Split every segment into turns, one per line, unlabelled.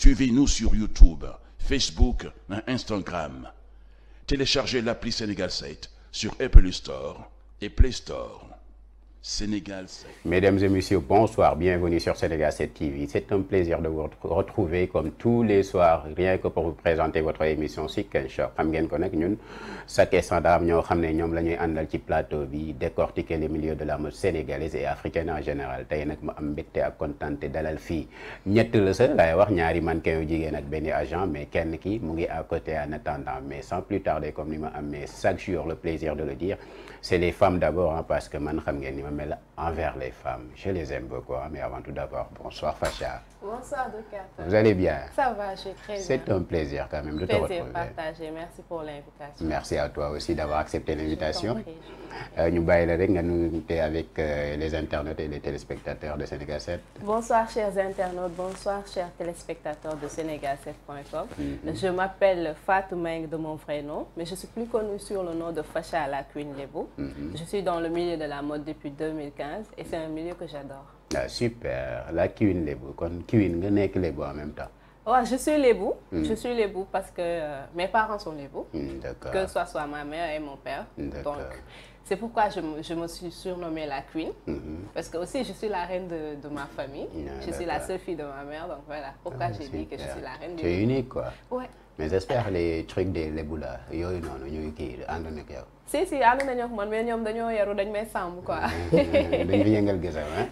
Suivez-nous sur YouTube, Facebook et Instagram. Téléchargez l'appli Sénégal 7 sur Apple Store et Play Sénégal 7.
Mesdames et messieurs, bonsoir, bienvenue sur Sénégal 7 TV. C'est un plaisir de vous retrouver comme tous les soirs rien que pour vous présenter votre émission Chic and Choc. xam ngeen ko nag ñun chaque instant daam ñoo xam ne ñoom la ñuy àndal ci plateau bi décortiquer les milieux de la mode sénégalaise et africaine en général tey nag ma am mbégte ak kontaante dalal fii ñett la sa laay wax ñaari mannequin yu jigéen ak benn agent mais kenn ki mu ngi à côté en attendant mais sans plus tarder comme ni ma amee chaque jour le plaisir c'est les femmes d'abord hein, parce que man xam ngeen ni ma mel envers les femmes je les aime beaucoup hein, mais avant tout d'abord bonsoir Facha
Bonsoir, docteur.
Vous allez bien
Ça va, je suis très bien. C'est
un plaisir quand même plaisir Plaisir
Merci pour l'invitation.
Merci à toi aussi d'avoir accepté l'invitation. Euh, ñu bàyyi la rek nga nuyute avec euh, les internautes et les téléspectateurs de Sénégal 7.
Bonsoir chers internautes, bonsoir chers téléspectateurs de sénégal7.com. Mm -hmm. Je m'appelle Fatou Meng de mon vrai nom, mais je suis plus connue sur le nom de Facha à la Queen Lebo. Mm -hmm. Je suis dans le milieu de la mode depuis 2015
ah super la kiwin lébu kon kiwin nga nekk lébu en même temps.
waaw je suis lébu. Hmm. je suis lébu parce que euh, mes parents sont lébu. Hmm, d'accord que ce soit ma mère et mon père. d'accord donc c'est je me je me la queen. Hmm, parce que aussi je suis la reine de ma famille. Ah, je suis la seule fille de ma mère donc voilà pourquoi ah, j'ai dit que je suis la reine. tu es unique
quoi. ouais. mais j'espère les trucs de lébu la yooyu noonu ñuy kii ànd ak yow.
si si ànd nañu ak man mais ñoom dañoo yaru dañ may sàmm quoi. dañu fi
yëngal gisam ah.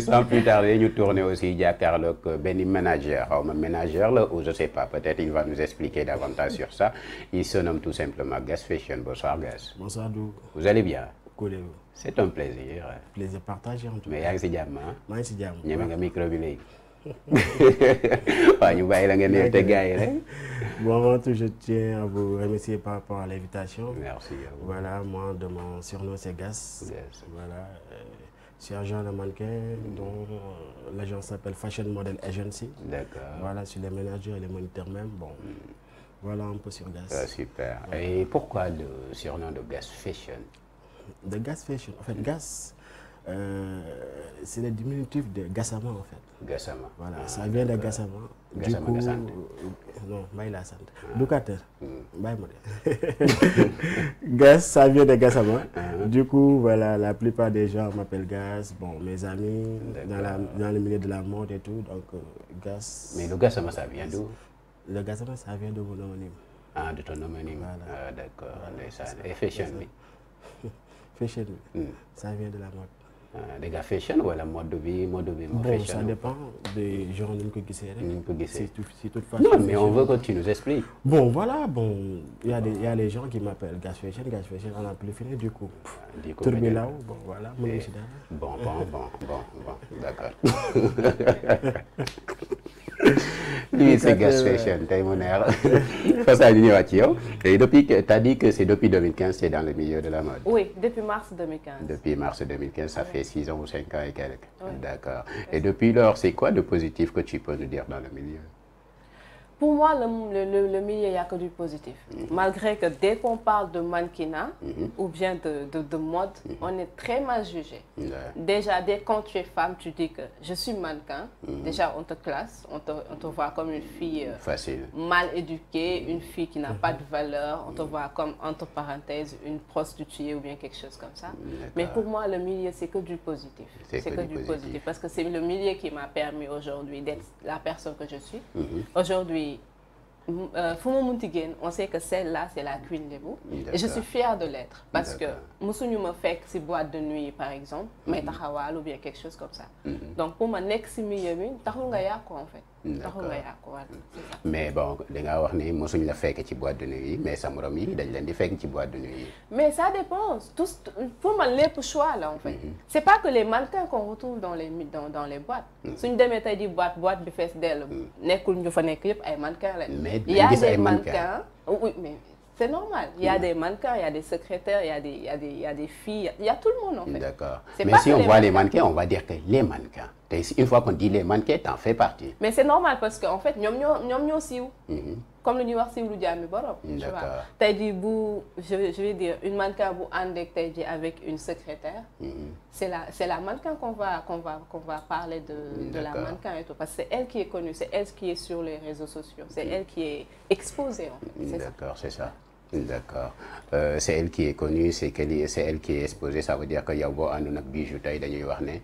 sans plus tarder ñu tourner aussi jàkkaarloog benn manager xaw ma manager la ou je sais pas peut-être il va nous expliquer davantage sur ça il se nomme tout simplement Gas Fashion bonsoir Gas. bonsoir Doudou. vous allez bien. c'est un plaisir. plaisir partagé en tout cas. mais yaa ngi si jàmm ah. maa ngi si jàmm ñeme nga micro bi léegi. waaw ñu bàyyi la ngeen te gars yi
Bon, avant tout, je vous remercier par rapport l'invitation. Voilà, moi, de surnom, c'est Gas. Voilà. Euh, je agent de mannequin dont euh, l'agence Voilà, je suis le manager et le moniteur même. Hmm. voilà un
peu sur Gas. pourquoi le surnom de Gas Fashion De Gas
Fashion. En fait, Gas, euh, c'est le diminutif de Gassama, en fait. Gassama voilà ah, ça vient de Gassama. Gassama nga sant euh, non Mbaye laa sant. Ducateur. Ah. Hmm. Mbaye mu de. Gas ça vient de Gassama. Ah. du coup voilà la plupart des gens m'appellent Gas bon mes amis. la dans le de la mode et tout donc euh, Gas. mais le Gassama ça vient d'où? le de mon
de ton homonyme. voilà ah, d'accord ndeysaan et fashion bi.
fashion
hmm. de la mode. Euh, dégg fashion wala mode bi mode bi. moo fashion bon ça dépend
des gens ni ñu ko gisee rek. ni ñu ko gisee si toute façon. non mais on veut que tu nous expliques. bon voilà bon y a des y a les gens qui m'appellent Gas Fashion Gas Fashion à la polyphénie du coup. di ko tur bi laaw bon voilà mën nga si dara.
bon bon bon bon bon d'accord.
lui c'est Gas euh, Fashion tey mu neex Fatou
ñu ñëwaat ci yow et depuis que t'as dit que c'est depuis 2015 c'est dans le milieu de la mode.
oui depuis mars 2015.
depuis mars 2015 ça fait. six ans ou cinq ans et quelques. Oui. D'accord. Et depuis lors, c'est quoi de positif que tu peux nous dire dans le milieu?
Pour moi, le, milieu, il a que du positif. Mm-hmm. Malgré que dès qu'on parle de mannequinat mm -hmm. ou bien de, de, de mode, mm -hmm. on est très mal jugé. Déjà, dès quand tu es femme, tu dis que je suis mannequin. Mm-hmm. Déjà, on te classe, on te, on comme une fille euh, mal éduquée, une fille qui n'a mm-hmm. pas de valeur. On te voit comme, entre parenthèses, une prostituée ou bien quelque chose comme ça. Mais pour moi, le milieu, c'est que du positif. C'est que, du, positif. Parce que c'est le milieu qui m'a permis aujourd'hui fu ma ti génn on sait que celle-là c'est la Queen Lébou et je suis fière de l'être parce que mosuñu ma fekk ci boîte de nuit par exemple may mhm. taxawaal ou bien quelque chose comme ça mhm. donc pour ma nekk ci milieu bi taxul nga yàqu en fait taxul nga yàqu wala
mais bon dangaa wax ni mosuñ la fekk ci boîte de nuit yi mais sa morom yi dañ leen di fekk ci boîte de nuit yi.
mais ça dépend tout pour man lépp choix la se fait. Mhm. c' est pas que les mannequins qu'on retrouve dans les dans dans les boîtes. Mhm. suñ demee tey di boîte boîte bi fees dell. Mhm. nekkul ñu fa nekk yëpp ay mannequins lañ. mais dinañ gis ay mannequins y a des mannequins oui mais. c'est normal il y a des mannequins il y a des secrétaires il y a des il y a des il y a des filles il y a tout le monde en fait. d'accord
mais si on voit les mannequins on va dire que les mannequins tey une fois qu'on dit les mannequins t'en fais partie.
mais c'est normal parce que en fait ñoom ñoo ñoom ñoo siiw. Mhm. comme lu ñuy wax siiw lu jaami borom. d'accord tey jii bu je je vais dire une mannequin bu ànd ak tey jii avec une secrétaire. Mhm. c'est la c'est la mannequin qu'on va qu'on va qu'on va parler de. de la mannequin et tout parce que c'est elle qui est connue c'est elle qui est sur les réseaux sociaux c'est mhm. elle qui est exposée en fait. c'est ça
d'accord c'est ça. d'accord euh, euh, c'est elle qui est connue c'est qu'elle c'est elle qui est exposée ça que yow boo àndoon ak bijou tey dañuy wax ne.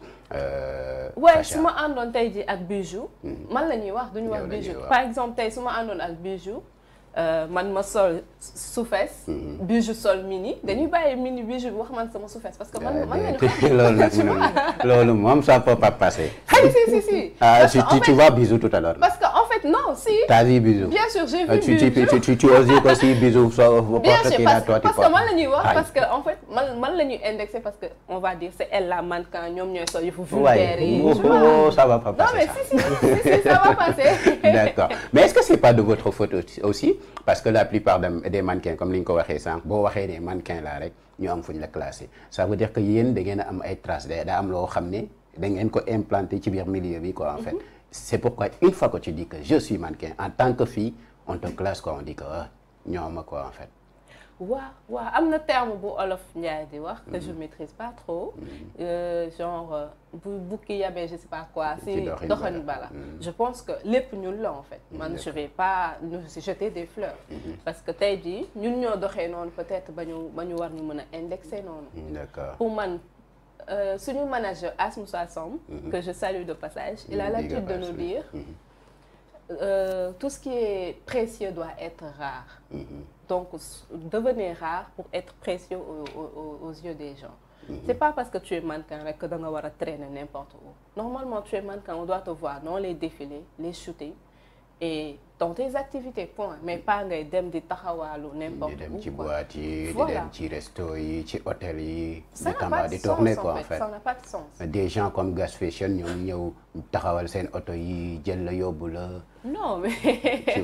waaye euh, su ma àndoon tey ji ak bijou. Mhm. man la ñuy wax duñu wax bijou par exemple tey su ma àndoon ak bijou. Euh, man ma sol suufees. Mm-hmm. bijou sol mini dañuy bàyyi mini bijou bi wax man sama suufees parce que man eh, man la ñu xam loolu
moom ça peut pas si
si si. ah si tu
bijou tout à l'heure parce
que non si. t'as vu bijou bien sûr j'ai ah, vu bijou tu tu tu
bijou soo ko. bien sûr parce que man la ñuy wax parce que
en fait man man on va dire c'est elle la man quand ñoom ñooy sol yëfu vulgaire yi. waay oh, oh, ça va pas passer non
mais
si si si ça va passer. d'accord mais est-ce que c'est pas de votre parce que la plupart des mannequins comme li ñu ko waxee sànq boo waxee ne mannequin laa rek ñu am fu ñu la classé ça veut dire que yéen da ngeen a am ay traces daa am loo xam ne da ngeen ko implanté ci biir milieu bi quoi en fait. Mm-hmm. c' est pourquoi une fois que tu dis que je suis mannequin en tant que fille on te classe quoi on dit que ah ñoo ma en fait.
waa waaw am na terme bu olof Ndiaye di wax. que je mm-hmm. maîtrise pas trop. Mm-hmm. Euh, genre euh, bu bukki yabee je sais pas quoi. si doxalin bala mm-hmm. je pense que lépp ñun la en fait. man je vais pas nous jeter des fleurs. parce que tey jii ñun ñoo doxee noonu peut-être ba ñu ba ñu war ñu mën a indexer noonu. d'accord pour man. Euh, suñu manager As Moussa que je salue de passage il a l'habitude de nous dire mm -hmm. euh, tout ce qui est précieux doit être rare donc devenir rare pour être précieux aux, aux, aux yeux des gens. Mm -hmm. C'est pas parce que tu es mannequin rek que da nga war a traîner n'importe où. Normalement tu es mannequin on doit te voir dans les défilés les shootings et donc tes activités point mais pas ngay dem di taxawaalu n'importe dem ci boîte yi dem
ci resto yi ci hôtel yi. di tamba di tourner quoi en fait ça de sens des gens comme Gas Fashion ñoom ñëw taxawal seen oto yi jël la yóbbu la.
non mais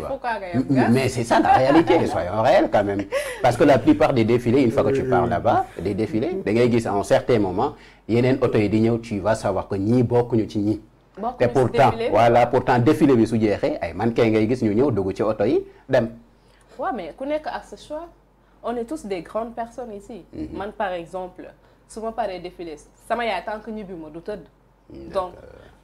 pourquoi nga yóbbu gas mais c'est ça la réalité
soyons réels quand même parce que la plupart des défilés une fois que tu pars là-bas des défilés da ngay gis en un certain moment yenen oto yi di ñëw tu vas savoir que ñii bokkuñu ci ñii. te pourtant voilà pourtant défilé bi su jeexee ay mannequin ngay gis ñu ñëw dugg ci oto yi dem.
waaw mais ku nekk ak sa choix on est tous des grandes personnes ici. Mhm. man par exemple su ma paree défilé sama yaay tant que ñibbi ma du tëdd. donc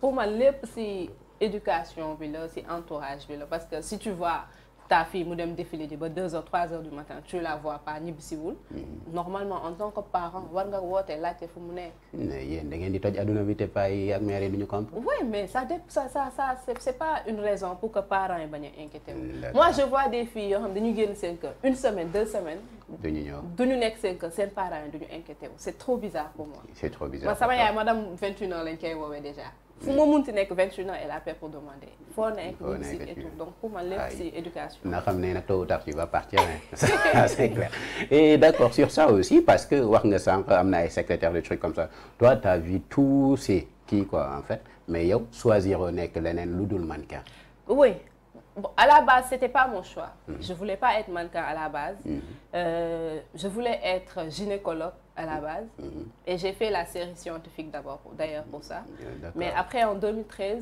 pour man lépp si éducation bi la si entourage bi la parce que si tu vois. ta fille mu dem défilé ji ba 2 heures 3 heures du a tu la vois pas ñibbisiwul. Mm-hmm. normalement en tant que parent war nga woote laajte fu mu nekk.
yéen da ngeen di toj adduna bi te paa yi ak mère yi du ñu comprendre.
oui mais ça ça ça ça c'est une raison pour que parents yi bañ a inquiété wu. je vois des filles yoo xam dañu génn seen kër une semaine deux semaines
du ñu ñëw du
ñu nekk seen kër seen parents yi du ñu inquiété c'est trop bizarre pour moi.
c'est trop bizarre man sama
yaay madame 21 ans lañ koy woowee déjà. fu ma munti nekk 21 ans elle appelle pour demander. foo nekk si et tout donc pour man lépp si éducation.
na xam ne nag tôt ou tard tu vas partir hein c'est clair et d'accord sur ça aussi parce que wax nga sànq am na ay secrétaire de trucs comme ta toi t'as vu tous ces kii quoi en fait mais yow choisir nekk leneen lu dul mannequin.
Bon, à la base, c'était pas mon choix. Mm-hmm. Je voulais pas être mannequin à la base. Mm-hmm. Euh, je voulais être gynécologue à la mm-hmm. base. Et j'ai fait la série scientifique d'abord, d'ailleurs pour ça. Mais après,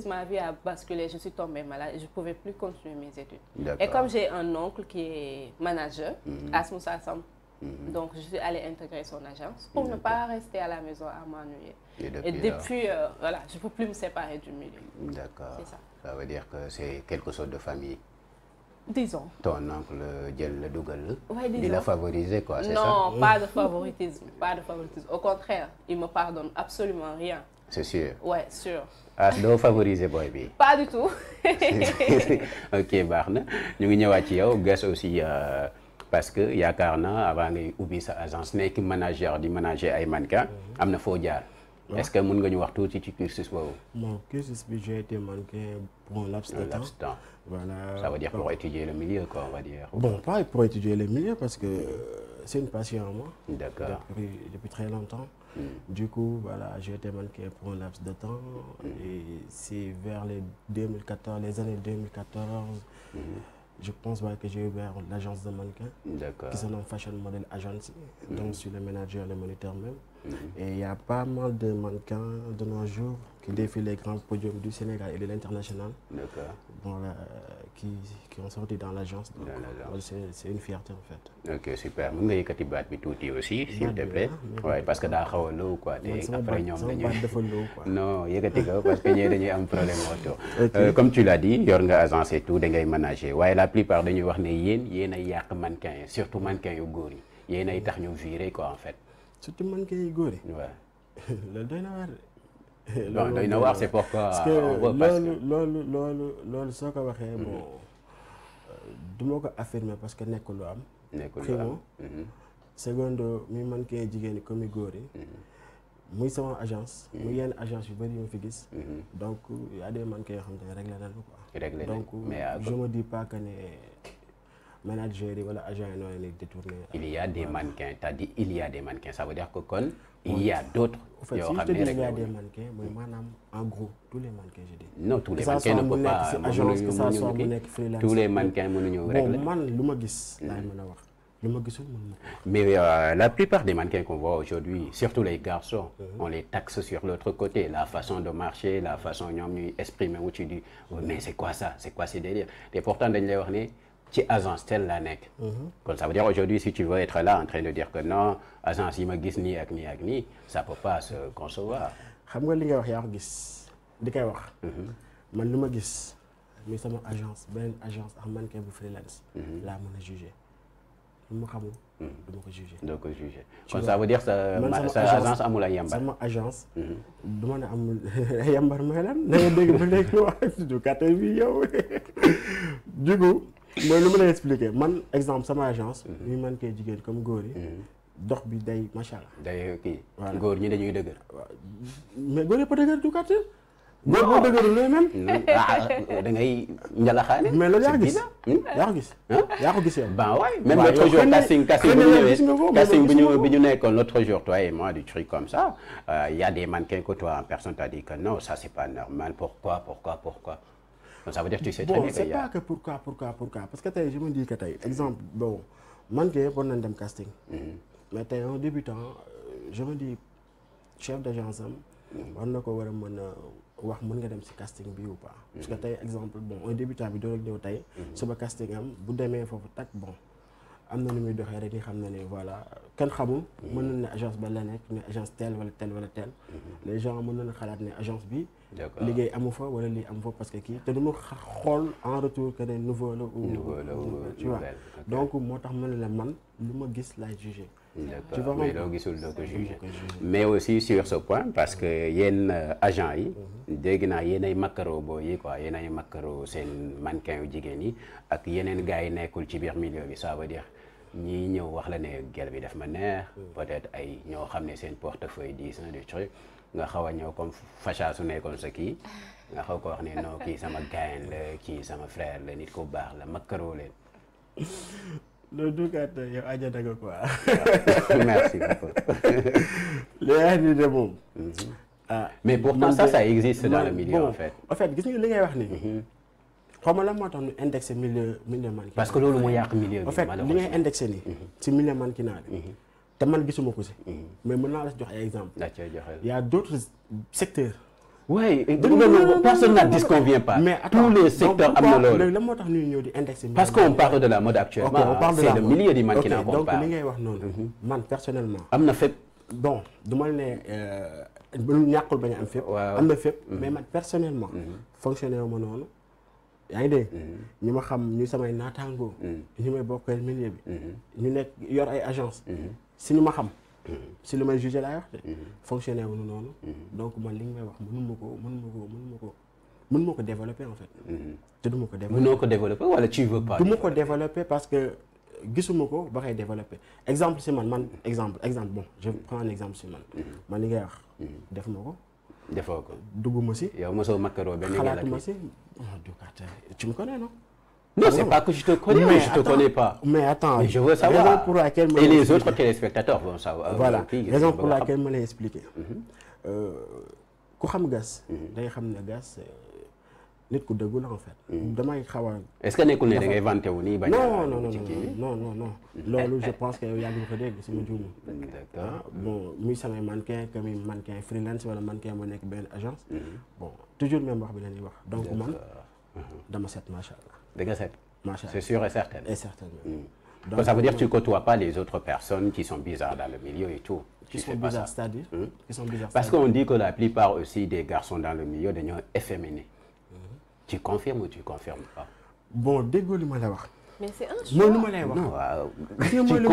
ma vie a basculé. Je suis tombée malade. Je pouvais plus continuer mes études. Et comme j'ai un oncle qui est manager, Asmoussa Assam, je suis allée intégrer son agence pour ne pas rester à la maison à m'ennuyer.
Et depuis,
euh, voilà, je ne peux plus me du milieu.
D'accord. C'est ça veut c'est quelque chose de famille. disons. ton oncle jël la dugal. waaye di la favoriser quoi c'est ça. non pas de
favoritisme pas de favoritisme au contraire il me pardonne absolument rien. c'est sûr.
ah doo favoriser booy bi.
pas du tout.
ok baax na ñu ngi ñëwaat ci yow gas aussi euh, parce que yaakaar na avant ngay ubbi sa agence nekk manager di manager ay mannequin mhm. am na foo jaar. est-ce que mën nga ñu wax tuuti ci cursus boobu.
bon cursus bi j'ai été
de temps. voilà pour étudier le milieu quoi on va dire. bon
pas pour étudier le milieu parce que euh, c'est une passion à moi. depuis très longtemps. Hmm. du coup voilà j'ai été mannequin pour de temps. Hmm. et c'est vers les 2014 les années 2014. Hmm. je pense ouais, que j'ai ouvert l'agence de mannequin. qui se nomme Fashion Model Agency. donc je le manager le moniteur même. Et il pas mal de mannequins de nos jours qui défilent les grands podiums du Sénégal et de l'international. D'accord. Bon, là, euh, qui qui ont sorti dans l'agence. Dans C'est une
fierté en fait. OK, super. nga yëkkati baat bi tuuti aussi s'il te plaît. Ouais, parce que daa xaw a low quoi. te après ñoom dañuy dafa low quoi. Non, yëkkati ko parce que ñee dañuy am problème auto. Euh, comme tu l'as dit, yor nga agence et tout, ngay manager. Waaye la plupart dañuy wax ne yéen yéen ay yàq mannequin surtout mannequin yu góor yi. Yéen ay tax ñu viré quoi en fait. surtout man kay góore. waaw
loolu doy na waar de. loolu doy na loolu soo ko waxee. bon mm-hmm. euh, du ma ko affirmer parce que nekkul lu am. nekkul lu am primo. Mm-hmm. secondo mi man kay jigéen ñi comme góor yi. Mm-hmm. muy sama agence. muy yenn agence yu bëri yu fi gis. donc y a des man kay yoo xam ne réglé nañu ko quoi. donc euh, je me dis ne. manager yi wala
agent yi noonu lay détourné. il y a des mannequins t'as a des que kon. il y d'autres. yoo xam ne rek mm. en a
des mannequins tous les mannequins je dis. non tous les mannequins ne peuvent pas mënuñu mënuñu tous les mannequins mënuñu rek la bon man lu ma gis. Mm. laay a wax lu ma gisul mën
mais euh, la plupart des mannequins qu'on voit aujourd'hui surtout les garçons. Mm. on les taxe sur l'autre côté la façon de marcher la façon ñoom ñuy exprimer wu ci di mais c'est quoi ça c'est quoi ces délires te pourtant dañ lay wax ne. ci agence telle laa nekk. kon ça veut dire aujourd'hui si tu veux être là en train de dire que non agence yi ma gis nii ak nii ak nii ça peut pas se concevoir.
xam nga li nga wax yaa ko gis di koy wax. Mhm. man lu ma gis muy sama agence beneen agence ak mannequin bu freelance. Mhm. laa mën a juger lu ma xamul. Mhm. du ma ko juger. doo ko juger kon ça veut dire sa sa agence amul ay yambar. sama agence. du ma ne amul yambar mooy lan na nga dégg ba léegi wax du kàttan bi yow. mooy lu ma lay expliquer man exemple sama agence. Mhm. ñu man koy jigéen comme góor yi. Mhm. dox bi day macha allah.
day kii góor ñi dañuy dëgër.
mais góor yëpp a dëgër du quartier.
góor boo dëgërul looy même. Ah, ah, da ngay njalaxaane. mais loolu yaa gis hmm? yaa ko gis. yaa ko gis yow. waaw waay jour casting casting bu ñëwee ñu bi ñu nekkoon l'autre jour toi et moi du truc comme ça. Euh, y a des mannequins que toi en personne t'as dit que non ça c'est pas normal pourquoi pourquoi pourquoi. Donc, ça veut dire que tu sais très bon, bien c'est pas que
pourquoi pourquoi pourquoi parce que tey je me dis tey exemple bon man kay bon nañ dem casting. Mhm. mais tey un débutant euh, je me dis chef d'agence am. Mhm. war na ko war a mën a wax mën nga dem si casting bi ou pas. parce que mhm. tey exemple bon un débutant bi doo rek ñëw tey. suba casting am bu demee foofu tak bon. am na nu muy doxee rek ni xam na ne voilà kenn xamul. mën na ne agence ba la nekk ne agence telle wala telle wala telle. Mhm. les gens mën nañu xalaat ne agence bi. liggéey amu fa wala lii amu fa parce que kii te du ñu xool en retour que ne nouveau la. nouveau la tu vois donc moo tax mën na la man lu ma gis laay jugé. tu vois mais loo gisul doo ko jugé.
mais aussi sur ce point parce que mhm. yéen euh, agent yi. Mhm. dégg naa yéen ay makkaro booy yi quoi yéen ay makkaro seen mannequin yu jigéen yi ak yeneen gars yi nekkul ci biir milieu bi ça veut dire. ñii ñëw wax la ne gel bi daf ma neex. peut-être ay ñoo xam ne seen portefeuille diis na des trucs nga xaw a ñëw comme facha su nekkoon sa kii nga xaw ko wax ne non kii sama gain la kii sama frère la nit ko baax la makkaroo leen.
du dugaat yow aja daga quoi. merci beaucoup. li nga xam moom. Mhm. ah mais pourtant ça ça existe dans le milieu en fait. gis nga li wax nii. Mhm. xaw ma la moo tax ñu indexé milieu milieu mannequinat. parce que loolu moo yàq milieu bi. en fait mhm. mhm. te man gisuma ko si. Mhm. mais mën naa la si jox ay exemple y' a d' autres secteurs. oui personne ne disconvient
pas. mais attends, tous les secteurs am na loolu.
la moo tax ñuy ñëw di indexé. parce que on
parle de la mode actuellement. ok on parle de la donc li
ngay wax noonu. man personnellement. am na fépp. bon du ma ne euh, ñàkkul bañ a am fépp. am na fépp mais man personnellement. fonctionnaire ma noonu. yaa ngi dégg. Mm-hmm. ñu ma xam ñu samay naataangoo. Mm-hmm. ñu may bokkal milieu bi. Mm-hmm. ñu nekk yor ay agence si ñu ma xam. si lu may jugé laay wax de. wu ñu noonu. donc man li nga may wax mënu ko mënu ma ko mënu ma ko mënu ma ko développer en fait. te du ma ko développer mënoo ko développer wala tu veux pas. du ma ko développer parce que gisuma ko ba kay développer exemple si man man exemple exemple bon je prends un exemple si man. man li ngay wax. def ma ko.
defoo ko dugguma si. yow mosoo makaroo benn xalaatuma
oh, non. non c'est ah pas que je te connais. mais je te connais pas. mais attends raison pour laquelle et les
euh,
mhm. euh, ku xam gas. Mhm. day xam ne gas. Euh, nit ku dëggu la en fait. Hmm. damay xaw a. est-ce que nekkul ne da ngay vanté wu nii. bañ a non non non non loolu je pense que yow yaa ngi ko dégg sama juum. d'accord ah, bon muy samay mannequin que muy mannequin freelance wala mannequin bu nekk benn agence. Hmm. bon toujours même wax bi la ñuy wax. donc man
hmm. dama set macha allah. da nga set. macha allah c'est sûr et certain. et certainement. donc Quand ça veut dire que tu côtoies pas les autres personnes qui sont bizarres dans le milieu et tout. qui sont bizarres c'est-à-dire. qui sont bizarres parce qu'on dit que la plupart aussi des garçons dans le milieu dañoo efféminés. tu confirmes ou tu confirmes pas.
bon déggoo li ma la wax.
mais c'est un mooy li ma lay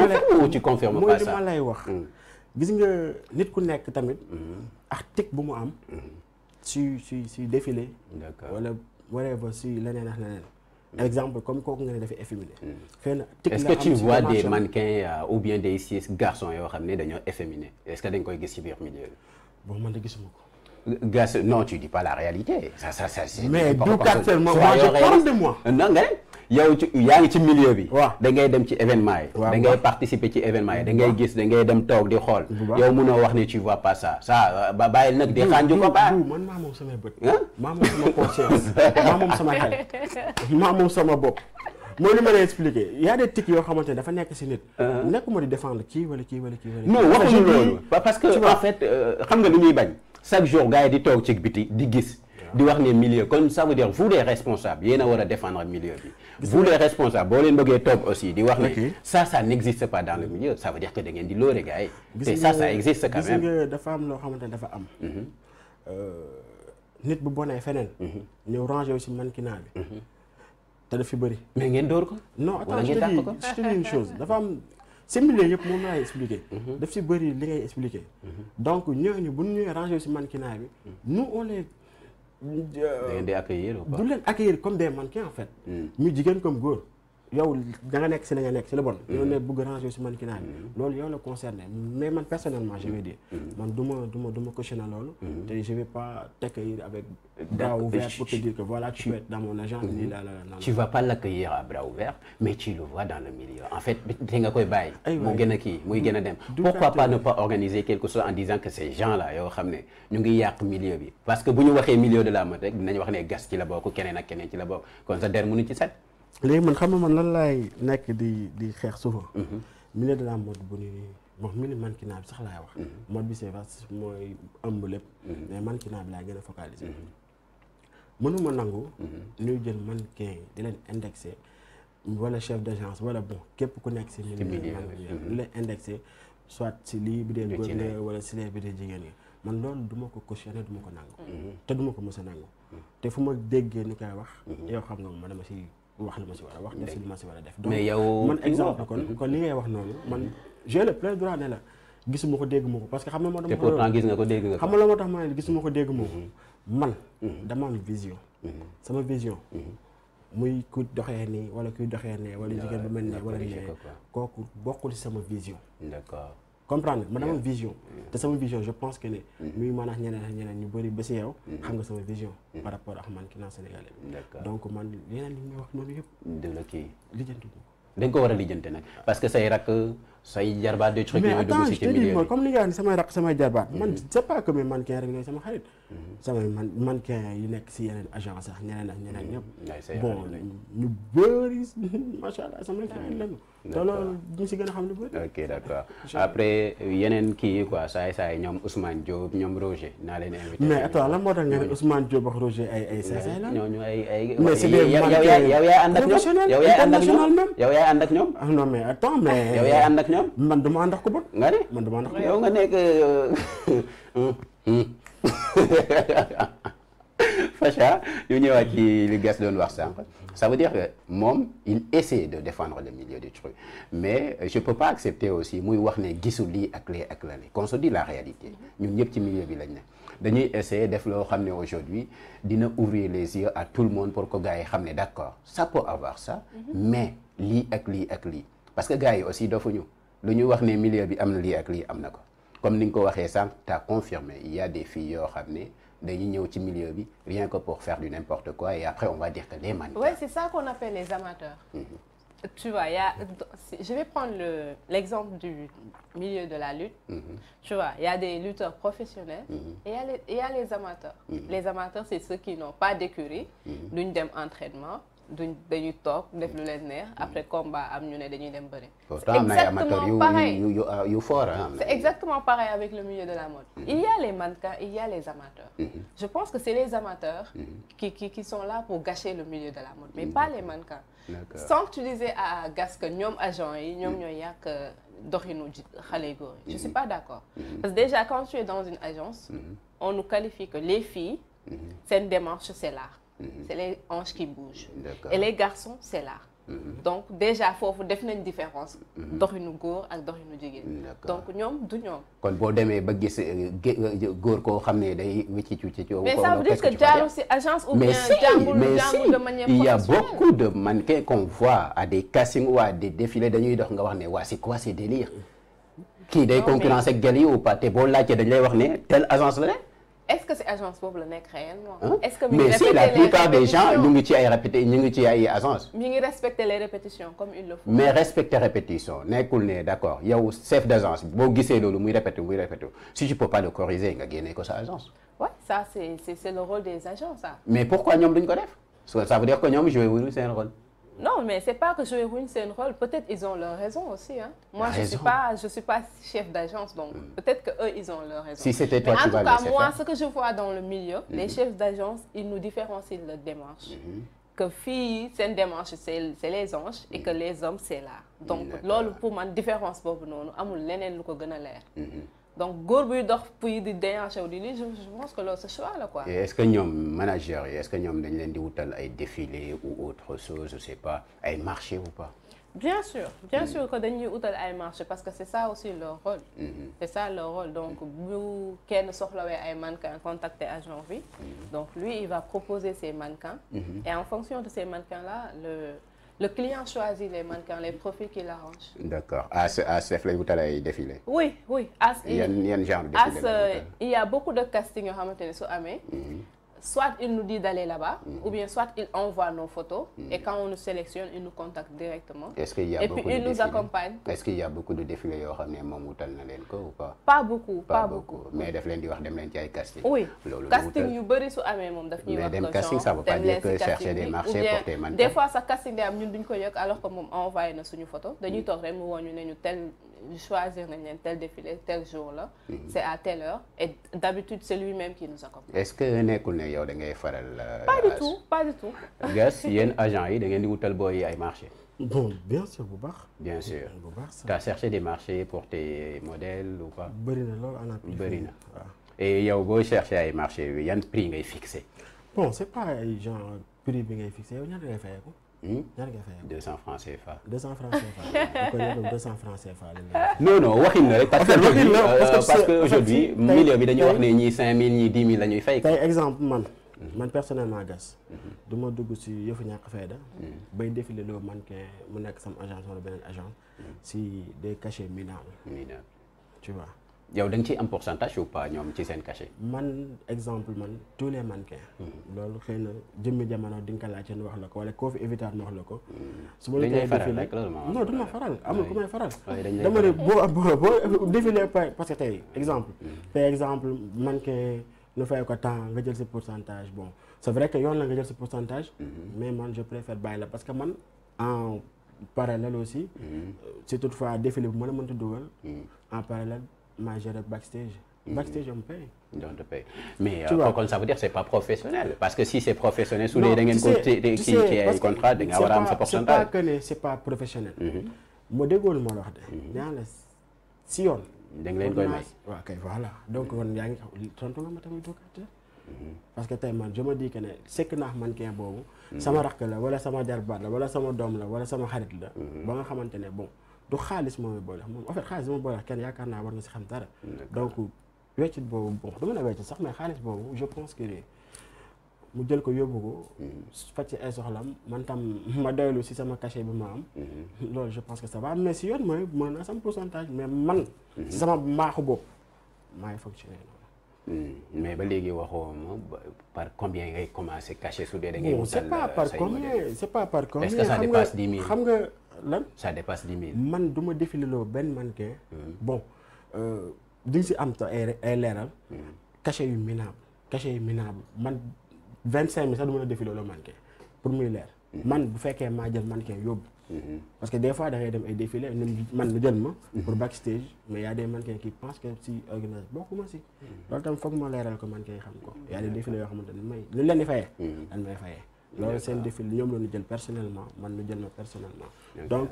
wax. non tu confirmes ou tu confirmes mooy li ma lay wax. Hmm. gis nga nit ku nekk tamit. Hmm. article bu mu am. Hmm. su si si défilé. d'accord wala whatever si leneen ak leneen. exemple comme kooku nga ne dafay efféminé. xëy na tic est-ce que tu vois des mannequins
euh, ou bien des garçons yoo xam ne dañoo efféminé est dañ koy gis ci biir milieu bi. bon man de gisuma ko. gas non tu dis pas la réalité. ça ça ça c'est mais du cartel moi je parle de moi. Euh, non nga yow ci yaa ci milieu bi. waaw da ngay dem ci événement yi. da ngay participer ci événement yi da ngay gis da ngay dem toog di xool. yow mënoo wax ne tu vois pas ça. ba bàyyil nag de xaanju ko
ba. man maa moom sama bët. maa moom sama
conscience maa
moom sama xel maa moom sama bopp. mooy li ma lay expliqué y a des tics yoo xamante ne dafa nekk si nit. Euh. nekkuma di défendre kii wala kii wala kii wala. non waxuñu
loolu parce que en fait euh, xam chaque jour gars yi di toog ci biti di gis di wax ne milieu kon ça veut dire vous les responsables yéen war a défendre milieu bi vous les responsables boo leen bëggee toog aussi di wax ne ça ça n'existe pas dans le milieu ça veut dire que
dafa am loo xamante ne dafa am mhm. euh, nit bu bonee feneen mhm. ñëw rangé wu si mannequinat bi mhm. te daf fi bëri mais ngeen dóor ko non attends je te dis une dafa am similier yëpp moom laay expliquer. Mhm. daf si bëri li ngay expliquer. Mhm. donc ñooñu ñu bu rangé si mannequinat bi. Mhm. nous on les. Euh,
da ngeen di accueillir ou pas du
leen accueillir comme des mannequins en fait. ñu jigéen comme góor. yow da nga nekk si la nga nekk si la bon. Mm-hmm. yow ne bëgg ranger si mannequinat bi. Mm-hmm. loolu yow la concerné mais man personnellement je vais dire. Mm-hmm. man du ma du ma du ma cautionner loolu. te je vais pas t'accueillir avec. bras ouverts pour te dire que voilà tu
es la la en fait te nga koy bàyyi. mu gën a kii muy gën a dem. pourquoi pas ne pas organiser quelque chose en disant que ces gens là yoo xam ne ñu ngi yàq milieu bi. parce que bu ñu waxee milieu de la mode rek dinañ wax ne gas ci la bokk keneen ak keneen ci la bokk
léegi man xam nga man lan laay nekk di di xeex souvent. Mhm.
milieu de la mode bu ni moom mi ni mannequinat bi sax laay wax. Mhm. mode bi c'est
mooy ëmb lépp. Mhm. mais mannequinat bi laay gën a focaliser. mënuma nangu. ñuy jël mannequin yi di leen indexé. wala chef d'agence wala bon képp ku nekk si. ci milieu di leen indexé soit si lii bi dee góor la wala si lee bi dee jigéen ñi man loolu duma ko cautionné du ma ko nangu. te duma ko mës a nangu. te fu ma déggee ni kay wax. yow xam nga ma dama si. wax li ma si war a wax def si li ma si a def. mais man exemple kon li ngay wax noonu man j'ai le plein droit ne la gisuma ko dégg ma ko parce que xam nga moo tax. te pourtant gis nga ko dégg xam nga la moo tax ma ne gisuma ko ma ko mm-hmm. man. Mm-hmm. dama am vision. Mm-hmm. sama vision. muy ku doxee nii wala kuy doxee nee wala jigéen bu mel ne wala nee kooku bokkul sama vision. d'accord. comprendre nga man dama vision mm. te sama vision je pense que ne mm. muy maanaam ñeneen ak ñeneen ñu bëri ba si yow mm. xam nga sama vision par rapport ak man ki naan sénégalais bi
donc man yeneen li muy wax noonu yëpp dëgg la kii lijjanti ko dañ ko war a lijjante nag parce que say rakk say jarbaat de trucs yooyu dugg si ci milieu bi mais attends je te
dis comme li nga wax rakk samay jarbaat man c'est pas que man kay rek sama xarit samay mhm. man mannequin yu
nekk si yeneen agence sax ñeneen ak
ñeneen mhm. ñëpp. bon ñu bëri macha allah samay xarit lañu.
d' accord te loolu si gën a xam lu bëri. ok d' après yeneen kii yi quoi saay saay ñoom Ousmane Diop ñoom Roger naa leen invité.
mais attends lan moo tax nga ne Ousmane Diop ak Roger ay ay saay saay la.
ñooñu ay ay. mais c' est des mannequins yow yaay ànd ak ñoom yow yaay ànd ak ah
mais attends mais. yow man dama ànd ak ko bon. nga ne man dama ànd ak yow nga nekk.
Euh, hmm, hmm. Facha ñu ñëwaat ci li gas doon wax sànq ça veut dire que moom il essaie de défendre le milieu du truc mais je peux pas accepter aussi muy wax ne gisul lii ak lee ak lale qu'on la réalité ñun ñëpp ci milieu bi lañ ne dañuy essayer def loo xam ne aujourd'hui dina ouvrir les yeux à tout le monde pour ko gars yi xam ne d'accord ça peut avoir ça mhm. mais lii ak lii ak lii parce que gars yi aussi dofuñu lu ñu wax ne milieu bi am na lii ak lii am na ko comme ni nga ko waxee sànq t'as confirmé il y des filles yoo xam ne dañuy ñëw ci milieu bi rien que pour faire du n'importe quoi et après on va dire que les manières.
ouais c'est ça qu'on appelle les amateurs. Mm-hmm. je vais prendre l'exemple du milieu de la lutte. Mm -hmm. tu vois il y des lutteurs professionnels. Mm -hmm. et y a les, les amateurs. Mm-hmm. les amateurs c'est ceux qui n'ont pas d'écurie. Mm-hmm. duñ dem entraînement. duñ dañuy toog def nu leen neex après combat am ñu ne dañuy dem bëri. exactement pareil yu yu
euh, fort c'est
exactement pareil avec le milieu de la mode. Mm il y a les mannequins il y les amateurs. Mm-hmm. je pense que c'est les amateurs. Mm -hmm. qui qui qui sont là pour gâcher le milieu de la mode. mais mm-hmm. pas les mannequins. sans que tu disais à Gas que ñoom agent yi ñoom ñooy yàq euh, doxinu yi. je suis pas d'accord. parce que déjà quand tu es dans une agence. on nous qualifie que les filles. seen démarche c'est l'art. Mhm. c'est les hanches qui bougent. et les garçons c'est l'art. Mhm. donc déjà foofu def nañ différence. Mhm. doxinu góor ak doxinu jigéen. donc ñoom du ñoom.
kon boo demee ba gis euh, euh, góor koo xam ne day wicci ci ci mais ça veut dire que jaarul
si agence ou bien jàngul jàngul de
manière professionnelle. il y a beaucoup de mannequins qu'on voit à des castings ou à des défilés dañuy dox nga wax ne waa c'est quoi ces délires. kii day concurrence ak gel yi ou pas te boo laajtee dañ lay wax ne telle agence la
est-ce que si agence boobu la nekk réellement. est-ce mais si la plupart des gens ñu
ngi ci ay répété ñu ngi ci ay agence
ñu ngi respecter les comme mais
respecter répétition nekkul ne d'accord yow chef d'agence boo gisee loolu muy répété muy répété si tu peux pas le corriger nga génne ko sa agence.
waaw ça c'est le rôle des agents
mais pourquoi ñoom duñ ko def ça veut dire que ñoom joué wuñu seen rôle.
Non, mais c'est pas que je ruine un rôle. Peut-être ils ont leur raison aussi. Hein. Moi, la je ne suis, pas, je suis pas chef d'agence, donc hmm. peut-être qu'eux, ils ont leur raison. Si c'était toi, mais En tout cas, moi, ce que je vois dans le milieu, mm -hmm. les chefs d'agence, ils nous différencient de démarche. Mm -hmm. Que filles, seen démarche, c'est les anges et que hmm. les hommes, c'est l'art. donc loolu pour man différence boobu noonu amul leneen lu ko gën a leer. Hmm. donc góor buy dox puy di déhanché wu di lii je pense que loolu sa la quoi. est ce
que ñoom manager yi est leen di wutal ay défilé ou autre chose je pas ay marché ou pas.
bien sûr bien mm. sûr que dañuy utal ay marché parce que c' est ça aussi leur rôle. Mm-hmm. c' ça leur rôle donc mm-hmm. bu kenn soxlawee ay mannequin contacter agent bi. Mm-hmm. donc lui il va proposer ses mannequins. et en fonction de ces mannequins là le client choisit les mannequins les profils qui l'arrangent.
d'accord As As def lay wutal ay défilé.
oui oui As. yan yan genre défilé euh, y a beaucoup de casting yoo xamante ne su amee. Mhm. soit il nous dit d'aller là-bas, mm-hmm. ou bien soit il envoie nos photos, mmh. quand on nous sélectionne, il nous contacte directement. Est-ce qu'il y a et beaucoup yoo
xam ne moom wutal na leen ko pas.
pas pas, pas mais
daf leen di wax dem leen casting. oui casting yu
bëri su amee moom daf ñuy wax. mais dem casting ça que chercher des marchés pour des mannequins. des fois sax casting day am ñun duñ ko yëg alors que moom envoyé na suñu photo dañuy mm. toog mu woo ñu tel. choisir nañ leen tel défilé tel jour la. Mhm. c' est à telle heure et d' habitude c' est nous accompagne.
est ce que nekkul ne yow da ngay faral. Euh, pas du tout
pas
du gas yéen agent yi da ngeen di wutal booy yi ay marché. bon bien sûr bu baax. bien sûr bu baax. tu as cherché des marchés pour tes modèles ou pas. bëri
na loolu ana. bëri na
waaw. yow boo cherché ay marché yan prix ngay fixé.
bon c' est pas ay genre prix bi
ngay fixé yow ñaata ngay fayee ko. ñaar hmm? nga fay 200 francs CFA. 200 francs CFA. bu ko yëgee 200 francs CFA non non waxin la rek. parce que aujourd'hui euh, parce que aujourd'hui milieu bi dañuy wax ne ñii 5000 ñii 10 000 la ñuy fay. tey exemple
man. Hmm. man personnellement gas. Hmm. du ma dugg si yëfu ñàkk fayda bay défilé loo man que mu nekk sama agence wala beneen agence.
si des cachets minables. minables tu vois. yow da nga ciy am pourcentage ou pas ñoom ci seen cachet.
man exemple man tous les mannequins. Hmm. loolu xëy na jëmmi jamono di nga ko laajte wax la ko wala koo fi éviter wax la ko. Hmm. su ma la koy défilé non du ma faral amul ku may faral. dama ne boo boo boo défilé parce que tey exemple. par hmm. exemple mannequin ñu fay ko temps nga jël si pourcentage bon c'est vrai que yoon la nga jël si pourcentage. mais man je préfère bàyyi la parce que man en parallèle aussi. Euh, si toutefois défilé bu ma la mënta dugal. en parallèle. ma gère backstage. Mm. backstage on paye.
donc on paye mais. tu vois euh, ça veut dire c'est pas professionnel. parce que si c'est professionnel. su dee da ngeen ci ci ay contrat da a am sa pourcentage.
c'est pas professionnel. Mm-hmm. ma déggoon moo la wax de. ñaa mm-hmm. la si yoon. da nga leen koy may waaw kay voilà donc kon yaa ngi tontu nga ma tamit bokkate. Mm-hmm. parce que tey man je me dis que ne sekk naax man kee boobu. sama rakk la wala sama jarbaat la wala sama doom la wala sama xarit la. ba nga xamante ne bon. du xaalis moom boole moom en fait xaalis moom boole kenn naa war nga si xam dara. donc weccit boobu bon dama ne weccit sax mais xaalis boobu je pense que mu jël ko yóbbu ko. Mm-hmm. faj si soxlam man tam ma doylu si sama cachet bi ma am. Mm-hmm. loolu je pense que ça va mais si yoon mooy ma naa sama pourcentage mais man. si mm-hmm. sama maaxu bopp
maay fonctionné. mais ba léegi waxoo ma par combien ngay commencé cachet su dee da ngay. wutal c'est pas par combien
c'est pas par combien.
xam nga. lan ça dépasse dix mille man du
ma défilé loo benn mannequin hmm. bon euh, di si am te ay ay leeral hmm. cachet yu minable cachet yu minable man vingt cinq mille sax du mën a défilé loo mannequin pour muy leer hmm. man bu fekkee maa jël mannequin yóbbu parce que des fois da ngay dem ay défilé man nu jël ma pour backstage mais y a des mannequins qui pensent que si organisé bokkuma si loolu tam foog ma leeral ko mannequin yi xam ko y a défilé yoo xamante ne may lu leen di fayee dan may fayee loolu seen défi ñoom la ñu jël personnellement man ñu jël ma personnellement donc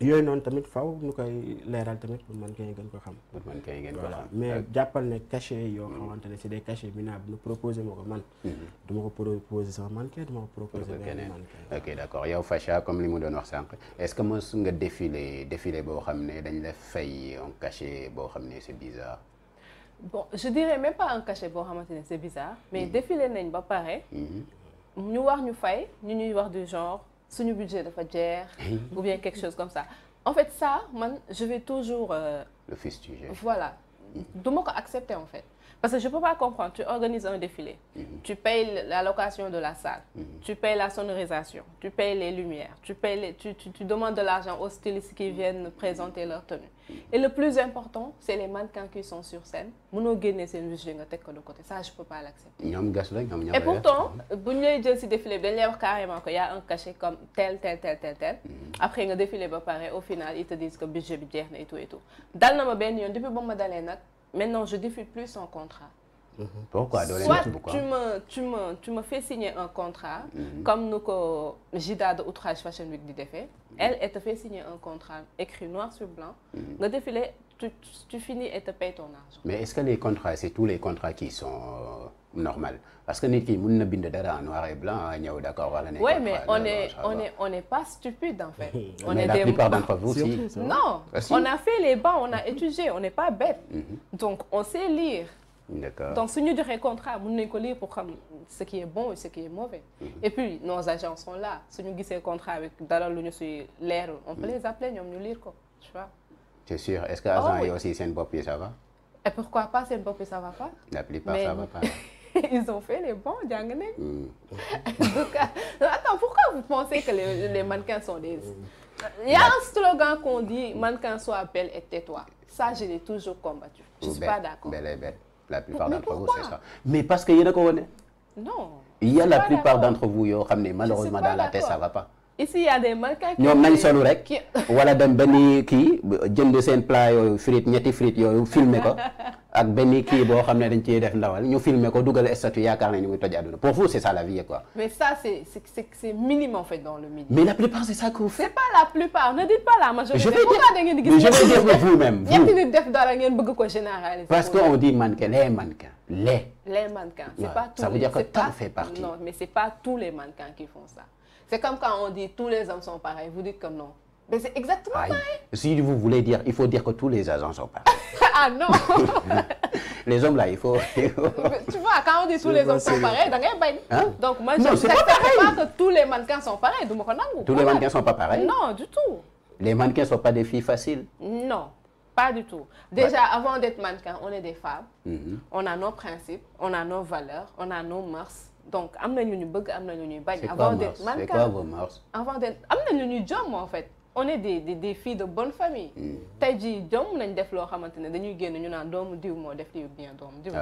yooyu noonu tamit faw ñu koy leeral tamit pour mën kay gën ko xam
voilà mais
jàppal ne cachet yoo xamante ne c'est des cachets bi naa bi nu proposé ma ko man mhm. ko proposé sama mannequin duma ko
proposé beneen mannequin ok yow Facha comme li mu doon wax sànq est-ce que mos nga défilé défilé boo xam ne dañ la fay un cachet boo xam ne c'est bizarre
bon je dirais même pas un cachet boo xamante ne c'est bizarre mais mhm. défilé nañ ba pare mhm. ñu wax ñu fay ñu ñuy wax du genre suñu budget dafa jeex. ou bien quelque chose comme ça en fait ça man je vais toujours. Euh, le fustiger voilà mm. du ma ko accepter en fait. parce que je peux pas comprendre tu organises un défilé mm tu payes la location de la salle mm-hmm. tu payes la sonorisation tu payes les lumières tu payes les, tu, tu, de l'argent aux stylistes qui mm-hmm. viennent présenter leur tenue et le plus important c'est les mannequins qui sont sur scène mënoo génnee seen budget nga teg ko de côté ça je peux pas l'accepter
ñoom gas la ñoom et pourtant
bu ñu lay jël si défilé bi dañ lay wax carrément que y a un comme tel tel tel tel après nga défilé ba pare au final ils na maintenant je diffuse plus en contrat.
Mhm. pourquoi doo leen soit tu
me tu me tu me un contrat. Mhm. comme nu ko Jida de Outrage Fashion Week di defee. Mhm. elle elle te fait signer un contrat écrit noir sur blanc. nga défilé tu finis et te paye ton argent.
mais est-ce que les contrats c'est tous les contrats qui sont. Euh, normal parce que nit ki mën na bind dara en noir et blanc ñëw d' accord wala. oui
mais on est on est on est pas stupide en fait. la plupart non
ah, on a
fait les bancs on a étudié on n'est pas bête. Mhm. donc on sait lire. Donc si nous joxee contrat mën ne ko lire pou xam ce qui est bon et ce qui est mauvais. Mm nos agents sont là su ñu gisee contrat avec dara lu ñu si leerul on mhm. peut les appeler ñoom ñu lire ko tu vois.
C'est sûr est que agents oh, yi aussi seen bopp yi va.
Et pourquoi bopp pas. ils ont fait les bons jàng mm. nañ. en tout cas attends pourquoi vous pensez que mm. slogan qu'on dit mannequin sois belle et tais-toi ça je l'ai toujours combattu. je mm. suis belle, pas d'accord
belle et la plupart d'entre vous c'est ça mais parce que yéen a ko wane. non il y a la plupart d'entre vous yoo xam ne dans la tête ça va
ici y a des mannequins ñoom nañ solu rek wala
dem benn kii de seen plat yooyu frite ñetti frite yooyu filmer ko ak benn kii boo xam ne dañ ciy def ndawal ñu filmer ko dugal statut yaakaar nañu muy toj àdduna pour vous c'est ça la vie quoi.
mais ça c'est c'est c'est minime en fait dans le milieu. mais la plupart c'est ça que vous faites. c'est pas la plupart ne dites pas la majorité. je vais dire je vais dire que
vous-même. vous ñetti nit
def dara ngeen bëgg ko généraliser. parce que on
dit mannequin les mannequins les.
les mannequins c'est pas tous les ça veut dire que C'est comme quand on dit tous les hommes sont pareils, vous dites que non. Mais c'est exactement Aïe. pareil.
Si tous les agents sont pareils.
Ah, non
Les hommes là, il faut... tu
vois, quand on dit tous les hommes sont pareils, da ngay bañ. Donc moi, je ne pas pareils, Tous les mannequins sont pas pareils Non, du
Les mannequins sont pas des filles faciles
Non. Pas du tout. Déjà, avant d'être mannequin, on est des femmes. Mhm. On a nos principes, on a nos valeurs, on a nos mœurs. donc am na ñu ñu bëgg am na ñu ñuy bañ. avant de man avant de am na ñu ñuy jomm en fait. on est des des de bon famille. Hmm. tey jii jomm nañ def loo xamante ne dañuy génn ñu naan doomu diw moo def lii bien doomu diw.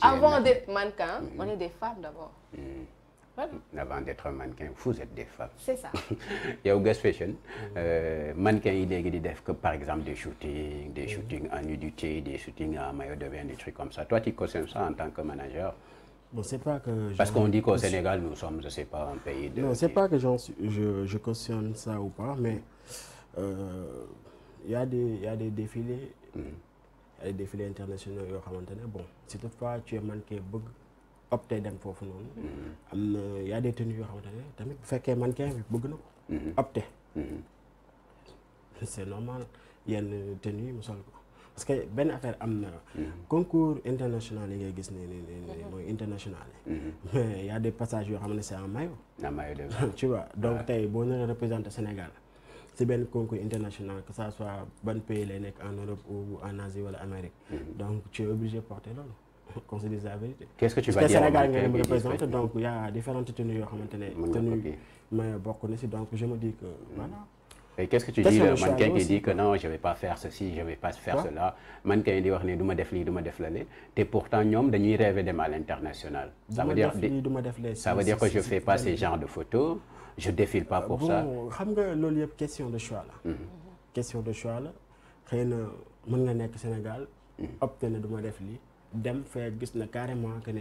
Ah, avant d'être mannequin hmm. on est des femmes d'abord. Hmm. voilà
avant d'être mannequin vous êtes des femmes. c'est
ça.
yow Guess Fashion euh, mannequin yi di def que par exemple des shootings des shootings en nudité des shootings en maillot de bain des trucs comme ça toi tu consommes ça en tant que manager. Non, c'est pas que. Parce qu'on dit qu'au Sénégal, nous sommes, je sais pas, un pays de. Non,
c'est pas que suis, je, je, cautionne ça ou pas, mais euh, y, a des, y a des défilés, il mm -hmm. y a des défilés internationaux, bon, si toutefois tu es mannequin, bug, opté dem foofu noonu. Mhm. am na y a des tenues yoo xamante ne tamit bu fekkee mannequin bi bëgg na ko. Mhm. opté. Mhm. c' est normal yenn tenues yi mu parce que benn affaire am na. Mhm. concours international yi ngay gis ne ne mhm. mooy international yi. Mhm. passages yoo xam ne c' est en
maillot.
en tey boo nar a représenté Sénégal si benn concours international que ça soit ban pays lay nekk en Europe ou en Asie wala Amérique. donc tu es obligé loolu. qu'on se dise la Sénégal nga dem représenté yoo xamante ne. tenues mais bokk na si donc je me dis
Et qu'est-ce que tu mannequin que non je vais pas faire cela mannequin yi wax ne du ma def lii du ma def lale te pourtant ñoom dañuy rêver dem à l'international ça veut dire ça veut dire que je fais de photos je défile xam
nga loolu yëpp question de choix la mm-hmm. question de na mën nga nekk Sénégal mm-hmm. opté na du ma def lii dem fee gis na carrément que ne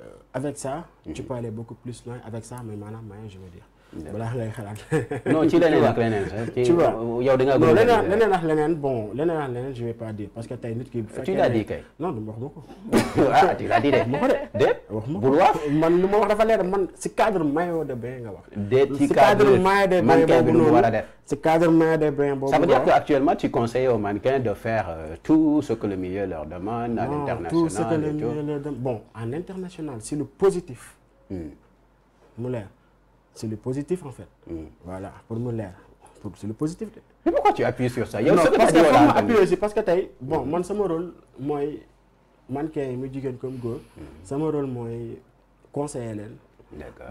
euh, avec ça tu mm-hmm. peux aller beaucoup plus loin avec ça mais maanaam moyen je veux dire balaa ngay xalaat. non ci leneen ak leneen. tu vois yow da ngaa. non leneen leneen ak leneen bon leneen ak leneen je vais pas dire parce que tey nit ki. tu l'as dit kay. non wax ma ko. ah tu l'as dit de. ma ko de wax ma ko bul wax. man lu ma wax dafa leer man si cadre maillot de bain nga wax.
de ci cadre maillot de bain boobu noonu man
si cadre maillot de bain boobu. ça veut dire que
actuellement tu conseilles aux mannequins de faire euh, tout ce que le milieu leur demande. à l'international tout ce que le milieu leur
demande bon en international c'est le positif. Hmm. mu leer. c'est le positif en fait. Mm. voilà pour mu leer pour c'est le positif de.
mais pourquoi tu appuies sur ça. yow
tey bon mm. man sama rôle mooy mannequin yi mu jigéen comme góor. Mm. sama role mooy conseiller leen.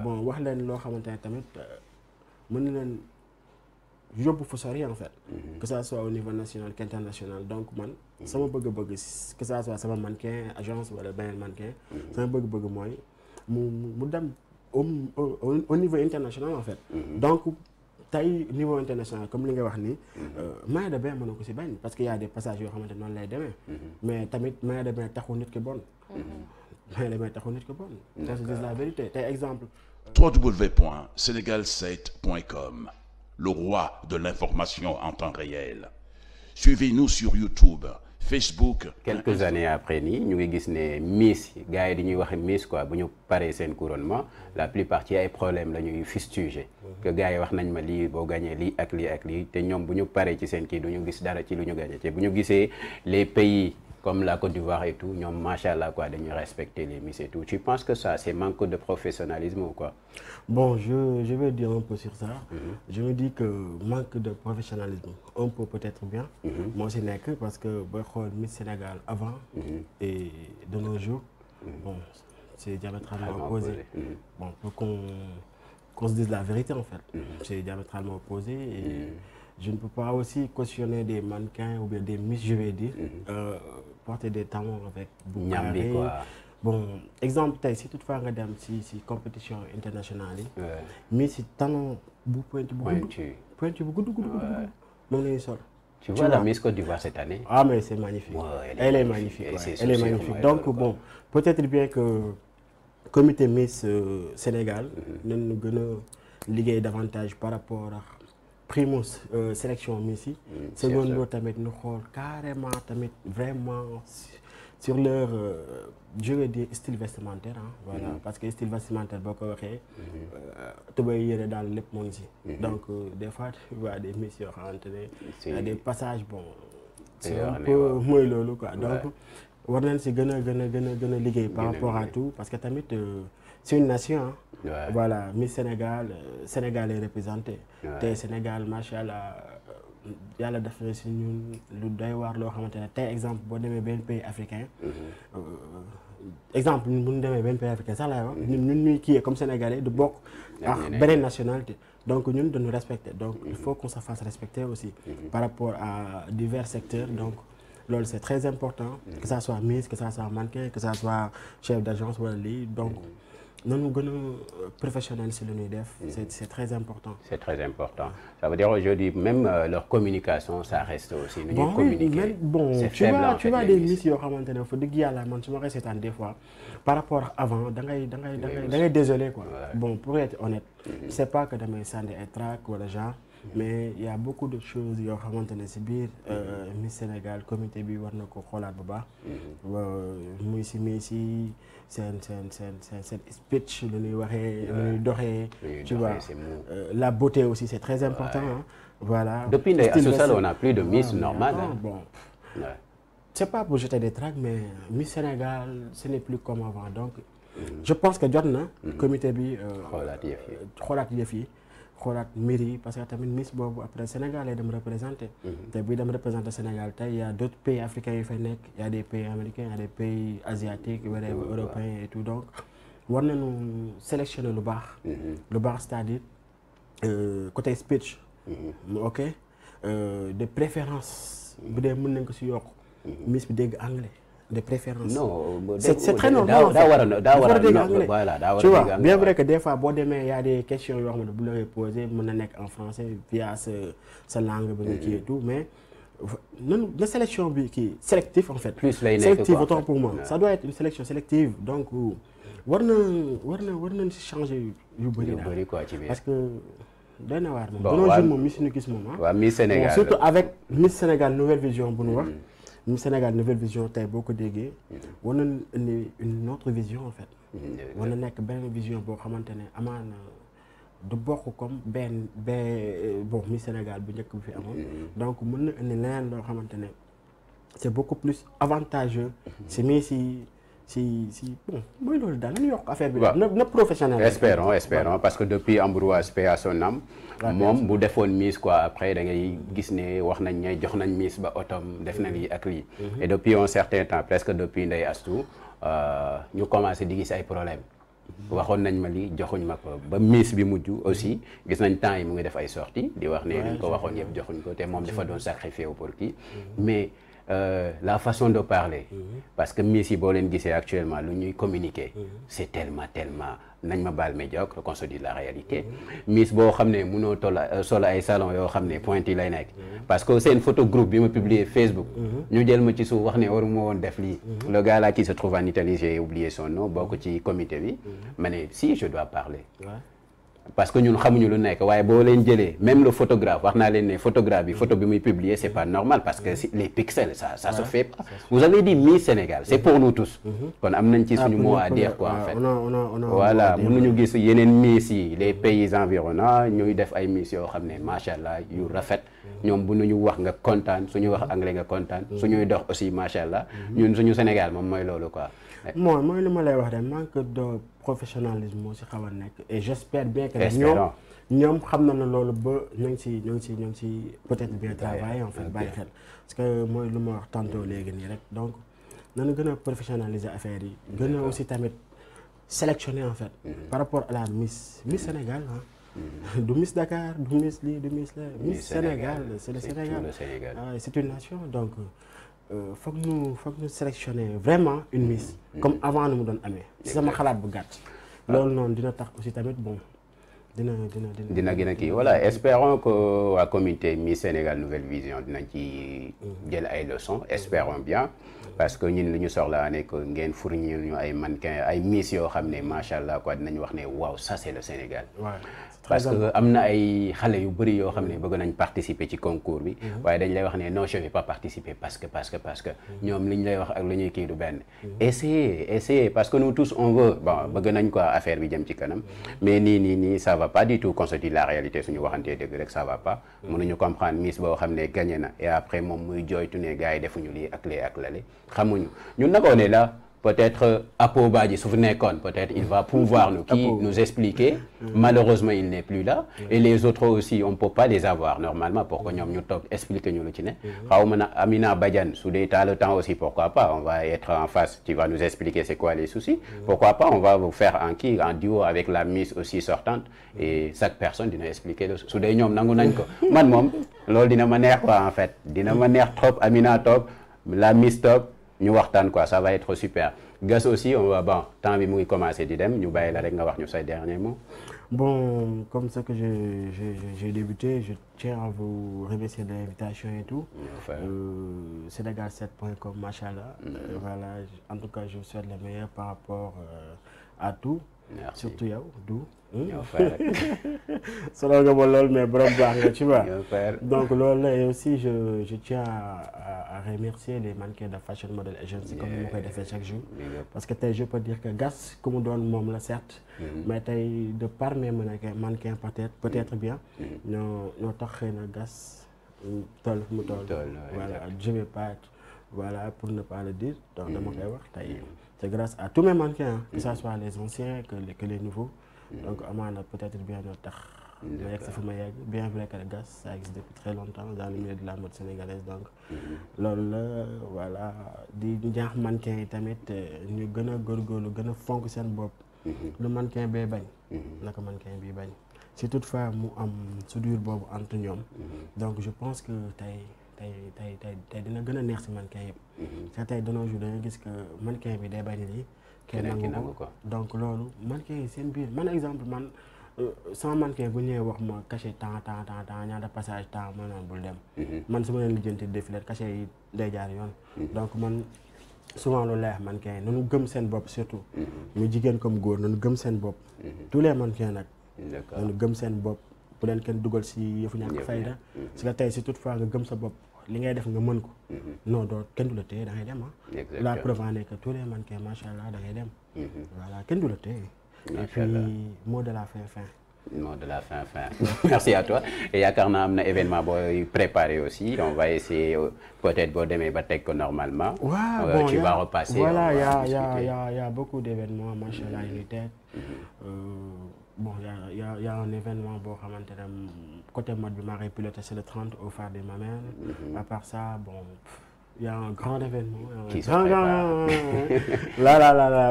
bon wax leen loo xamante ne tamit euh, mën na leen yóbbu fu sori en fait. Mm-hmm. que ça soit au niveau national international donc man. Mm-hmm. sama bëgg-bëgg que ça soit sama mannequin agence wala beneen mannequin. Mm-hmm. sama bëgg-bëgg mooy mu dem. au au niveau international en fait. Mm-hmm. donc tey niveau international comme li nga wax nii. main mm-hmm. euh, de bain mën na ko si bañ parce que y a des passages yoo xamante noonu lay demee. Mm-hmm. mais tamit main de bain taxu nit ki bon. main de bain taxu nit ki bon. ça c'est la vérité tey exemple.
Euh, www.senegal7.com le roi de l'information en temps réel.
Suivez-nous sur YouTube. Facebook. quelques années après nii ñu ngi gis ne Miss gars yi di ñuy wax Miss quoi bu ñu paree seen couronnement la plupart ci ay problème la ñuy fustiger. Mhm. que gars yi wax nañ ma lii boo gagné lii ak lii ak lii te ñoom bu ñu paree ci seen kii duñu gis dara ci lu ñu gagné bu ñu gisee les pays. comme la Côte d'Ivoire et tout ñoom macha allah quoi dañuy respecter les miss et tout tu penses que ça c'est manque de professionnalisme ou quoi.
je vais dire un peu sur ça. Mm-hmm. je me dis que manque de professionnalisme un peu peut-être bien. moo si nekk parce que booy xool Miss Sénégal avant. Mm -hmm. et de nos jours. Mm-hmm. c'est diamétralement opposé. je ne peux pas aussi cautionner des mannequins ou bien des miss je vais dire mhm. euh, porter des talons avec bu ñambi quoi bon exemple tey si toutefois nga dem si si compétition internationale yi mais si talon bu pointu bu gudd pointu bu gudd gudd gudd moom la ñuy sol
tu vois la Miss Côte d'Ivoire cette année
ah mais c'est magnifique elle, est magnifique, donc peut-être bien que comité Miss euh, Sénégal mhm. nañu gën a liggéey davantage par rapport à primo euh, sélection Messi mm, secondo tamit nu xool carrément tamit vraiment sur leur euh, je veux dire style vestimentaire ah parce que style vestimentaire boo ko waxee mm-hmm. euh, ba yëre daal lépp moo ngi si mm-hmm. donc des fois tu vois des Messi yoo xamante ne des passages bon c'est un peu mooy loolu ko donc war nañ si gën a gën a gën a gën liggéey par rapport à tout parce que tamit c'est une nation. Ouais. voilà Miss Sénégal euh, Sénégal est représenté. tey Sénégal macha allah euh, yàlla def si ñun lu doy waar loo xamante ne tey exemple boo demee benn pays africain. Mm-hmm. Euh, exemple bu ñu demee benn pays africain sax mm-hmm. comme sénégalais du bokk. ak beneen nationalité. donc ñun dañu respecter donc il mm-hmm. faut qu'on sa fasse respecter aussi. par rapport à divers secteurs donc. loolu c'est très important. que ça soit Miss que ça soit mannequin que ça soit chef d'agence wala lii donc. nanu euh, gën a professionnel si lu ñuy def. Mm. c'est c'est très important.
c'est très important ça veut dire aujourd'hui même euh, leur communication ça reste aussi. nu ñuy communiquer
bon c'est tu faible, vois tu vois des miss yoo xamante ne fa dëgg yàlla man su ma koy seetaan des fois par rapport à avant da ngay da ngay da ngay da ngay désolé quoi. Voilà. bon pour être honnête. Mm -hmm. c'est pas que damay sànni ay trac wala genre. mais il y a beaucoup de choses yoo xamante ne si biir euh, mm-hmm. Miss Sénégal comité bi war na ko xoolaat bu baax. Mm-hmm. muy si muy si. seen seen seen seen seen speech lu ñuy waxee lu ñuy doxee tu vois euh, la beauté aussi c'est très important ouais. voilà depuis Ndeye Astou Sall on a plus de Miss ouais, ah, normale hein. bon ouais. c'est pas pour jeter des tracts mais Miss Sénégal ce n'est plus comme avant donc mm -hmm. je pense que jot na mm-hmm. comité bi xoolaat yëf yi xoolaat yëf yi xoolaat mbir yi parce que tamit Miss boobu après Sénégal lay dem représenté. Mhm. te buy dem représenté Sénégal tey y' a d' autres pays africains yu fay nekk y' a pays américains y' a des pays asiatiques wala et tout donc war nañu sélectionner lu baax. Mhm. lu baax c'est-à-dire euh, côté speech. Mhm. ok euh, de préférence. bu dee mën nañ ko si yokk. Miss bi dégg anglais. de préférence. c'est très normal daa war a voilà daa war a tu vois bien vrai que des fois boo demee y a des questions yoo xam ne bu la koy posé mën na nekk en français via sa langue ba nga mm-hmm. kii et mais. non la bi kii sélective en fait. plus lay nekk sélective autant pour moi ça doit être une sélection sélective donc euh, war na war na war nañ si changer yu bëri daal yu quoi ci parce que. doy na waar moom. bon waaw gis moom mi suñu gis moom ah. waaw Miss Sénégal surtout avec Miss Sénégal nouvelle vision bu nu wax. Mm-hmm. mu Sénégal nouvelle vision tey boo ko déggee mm-hmm. war na indi une autre vision en fait mm-hmm. war nekk benn vision boo xamante ne amaana du bokk comme benn benn mi Sénégal bu njëkk bu fi amoon mm-hmm. donc mën na indi leneen loo xamante ne c'est beaucoup plus avantageux si mii si si si mooy loolu daal nañu yokk affaire bi. na na professionnel.
espérons espérons parce que depuis Ambroise paix à son moom bu defoon mise quoi après da ngay gis ne wax nañ ne jox nañ mise ba otom def na lii ak lii. Mhm. et depuis un certain temps presque depuis Ndeye Astou euh, ñu commencé di gis ay problème mhm. waxoon nañ ma lii joxuñ ma ko ba mise bi mujj aussi gis nañ temps yi mu ngi def ay sorties di wax ne. dañ ko waxoon yëpp joxuñ ko te moom dafa doon sacrifié wu pour kii mhm. mais. euh, la façon de parler. parce que miss yi boo leen gisee actuellement lu ñuy communiquer. c'est tellement tellement nañ ma baal médiocre qu'on se dit la réalité. miss boo xam ne mënoo toll euh, sol ay salon yoo xam ne point yi lay nekk. parce que seen photo bi ma publier Facebook. ñu jël ma ci su wax ne ma woon def lii. le gars là qui se trouve en Italie j'ai oublié son nom bokk ci comité bi. ma ne si je dois parler. Ouais. parce que ñun xamuñu lu nekk waaye boo leen jëlee même le photographe wax naa leen ne photographe bi mm. photo bi muy publier c'est pas normal parce que mm. les pixels ça ça se pas vous avez dit Miss mm-hmm. ah, gis yeneen Miss yi mm-hmm. les pays environnants ñuy def ay Miss yoo xam ne macha allah yu mm-hmm. rafet ñoom bu nu ñu wax nga kontaan suñu wax anglais nga kontaan suñuy dox aussi macha allah ñun suñu Sénégal moom mooy loolu quoi mooy
professionnalisme moo si xaw a nekk et j'espère bien que ñoom ñoom xam na na loolu ba ñoo ngi si ñoo ngi ci ñoo ngi si peut-être bien travailler en fait bàyyi xel parce que mooy lu ma wax tantôt léegi nii rek donc na gën a professionnaliser affaire yi gën a aussi tamit sélectionner en fait mm-hmm. par rapport à la Miss Miss Sénégal ah du Miss Dakar du Miss lii du Miss la Miss Sénégal c'est le Sénégal ah, une nation Euh, foog ñu foog ñu sélectionner vraiment une miss mm. comme avant nu mu doon amee si sama xalaat bu gàtt ah. loolu noonu dina tax aussi tamit bon dina dina
dina dina gën kii voilà espérons que waa comité Miss Sénégal Nouvelle Vision dinañ ci mm. jël ay leçons espérons bien parce que ñun li ñu soxla ne que ngeen fournir ñu ay mannequin ay miss yoo xam ne macha allah quoi dinañ wax ne waaw ça c'est le Sénégal. parce que am na ay xale yu bëri yoo xam ne bëgg nañ participer ci concours bi. Mhm. waaye dañ lay wax ne non je vais pas participer parce que parce que mhm. ñoom li ñu lay wax ak lu ñuy kii du benn. Mhm. essayez essayez parce que nous tous on veut bon bëgg nañ quoi affaire bi jëm ci kanam. mais nii nii nii ça va pas du tout constitue la réalité suñu waxantee dëgg rek ça va pas. mënuñu boo xam ne gagné après moom muy jooytu ne gars yi defuñu lii ak lee ak lale. xamuñu ñun nag on est là peut-être euh, Apoba ji su fi nekkoon peut-être il va pouvoir nous qui nous expliquer mm. malheureusement il n'est plus là mm. et les autres aussi on peut pas les avoir normalement pour que ñoom ñu toog expliquer ñu lu ci ne mm. xaw ma na Amina Badiane su dee t'as le temps aussi pourquoi pas on va être en face tu vas nous expliquer c'est quoi les soucis pourquoi pas on va vous faire en qui en duo avec la miss aussi sortante et chaque personne dina expliquer su dee ñoom nangu nañ ko man moom loolu dina ma neex quoi en fait dina ma neex trop Amina toog la miss toog ñu waxtaan quoi ça va être super Gas aussi on va bon temps bi mu commencé di ñu bàyyi la rek nga wax ñu say dernier mot.
bon comme ça que j'ai j'ai débuté je tiens à vous remercier de l'invitation et tout. Euh, Sénégal7.com machallah. Mm -hmm. voilà en tout cas je vous souhaite le meilleur par rapport euh, à tout. Merci. surtout yow du. ñoo fay solo nga ma lool mais borom baax nga tu vois. donc loolu la et aussi je je tiens à, à remercier les mannequins de Fashion Model Agency comme ni ma koy defee chaque jour. parce que te je peux dire que gas ku mu doon moom la certes. Mm-hmm. mais tey de par mes mannequins peut-être peut-être mm-hmm. bien. Mm-hmm. ñoo ñoo tax xëy na gas toll mu toll. voilà je vais pas voilà pour ne pas le dire. donc dama koy wax tey c'est grâce à tous mes mannequins. que ça soit les anciens que les que les nouveaux. donc amaana peut-être bien na tax. ma yegg sa fi ma yegg bien vrai que gas ça existe depuis très longtemps dans le milieu de donc. Mm-hmm. loolu la voilà di njaax mannequin yi tamit euh, ñu gën a góorgóorlu gën a fonk seen bopp. Mm-hmm. lu mannequin bee bañ. Mm-hmm. naka mannequin bi bañ. si toutefois mu am soudure boobu entre ñoom. donc je pense que tey tey tey tey tey dina gën a neex si mannequin yëpp. te tey de nos jours dañoo gis que mannequin bi day bañ nii keneen ki nangu ko donc loolu mannequin yi seen biir man exemple man euh, sama mannequin bu ñëwee wax ma cachet temps temps temps temps ñaata passage temps ma naan bul dem. Mhm. man su ma leen lijjanti défilé cachet yi day jaar yoon. Mhm. donc man souvent loolu lay wax mannequin yi nañu gëm seen bopp surtout. Mhm. mu jigéen comme góor nañu gëm seen bopp. tous les mannequins nag. nañu gëm seen bopp bu leen kenn dugal si yëfu ñàkk fayda. si la tey si fois nga gëm sa bopp. li ngay def nga mën ko. Mhm. non doo kenn du la téye da ngay dem ah. exactement la preuve en est allah da ngay dem. Mhm. kenn du la téye. macha allah de la fin fin.
mot de la fin fin merci à toi et yaakaar naa am na événement booy préparé aussi on va essayer euh, peut-être boo demee ba teg ko normalement. waaw euh, bon tu a a mhm.
y' a y' beaucoup d' événements macha allah euh, yu ñu bon y' a y' événement boo xamante ne. côté mode bi maa koy piloté c'est le 30 au phare des Mamelles. Mm-hmm. à part ça bon il y a un grand événement. qui se prépare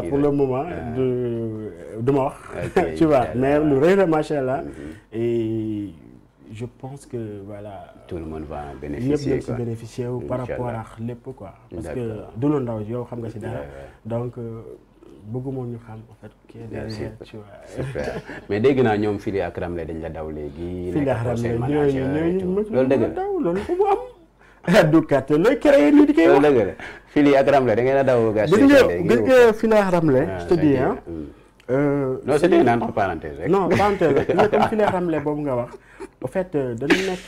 pour le moment. du du tu vois mais lu rëy la macha je pense que voilà. tout le monde va en parce que du lu donc. Euh, bëggumoon ñu xam en fait. qui est derrière tu vois. super
ñoom Fili ak Ramle dañ la daw léegi. Fili ak Ramle ñooñu ñooñu loolu dëgg la daw loolu ko mu di koy wax. Fili ak Ramle da ngeen a daw. gis nga gis
nga Fili ak Ramle. Ah, je te dis ah.
non c'était une entre parenthèse rek. Fili ak Ramle
boobu nga wax. en fait euh, dañu nekk.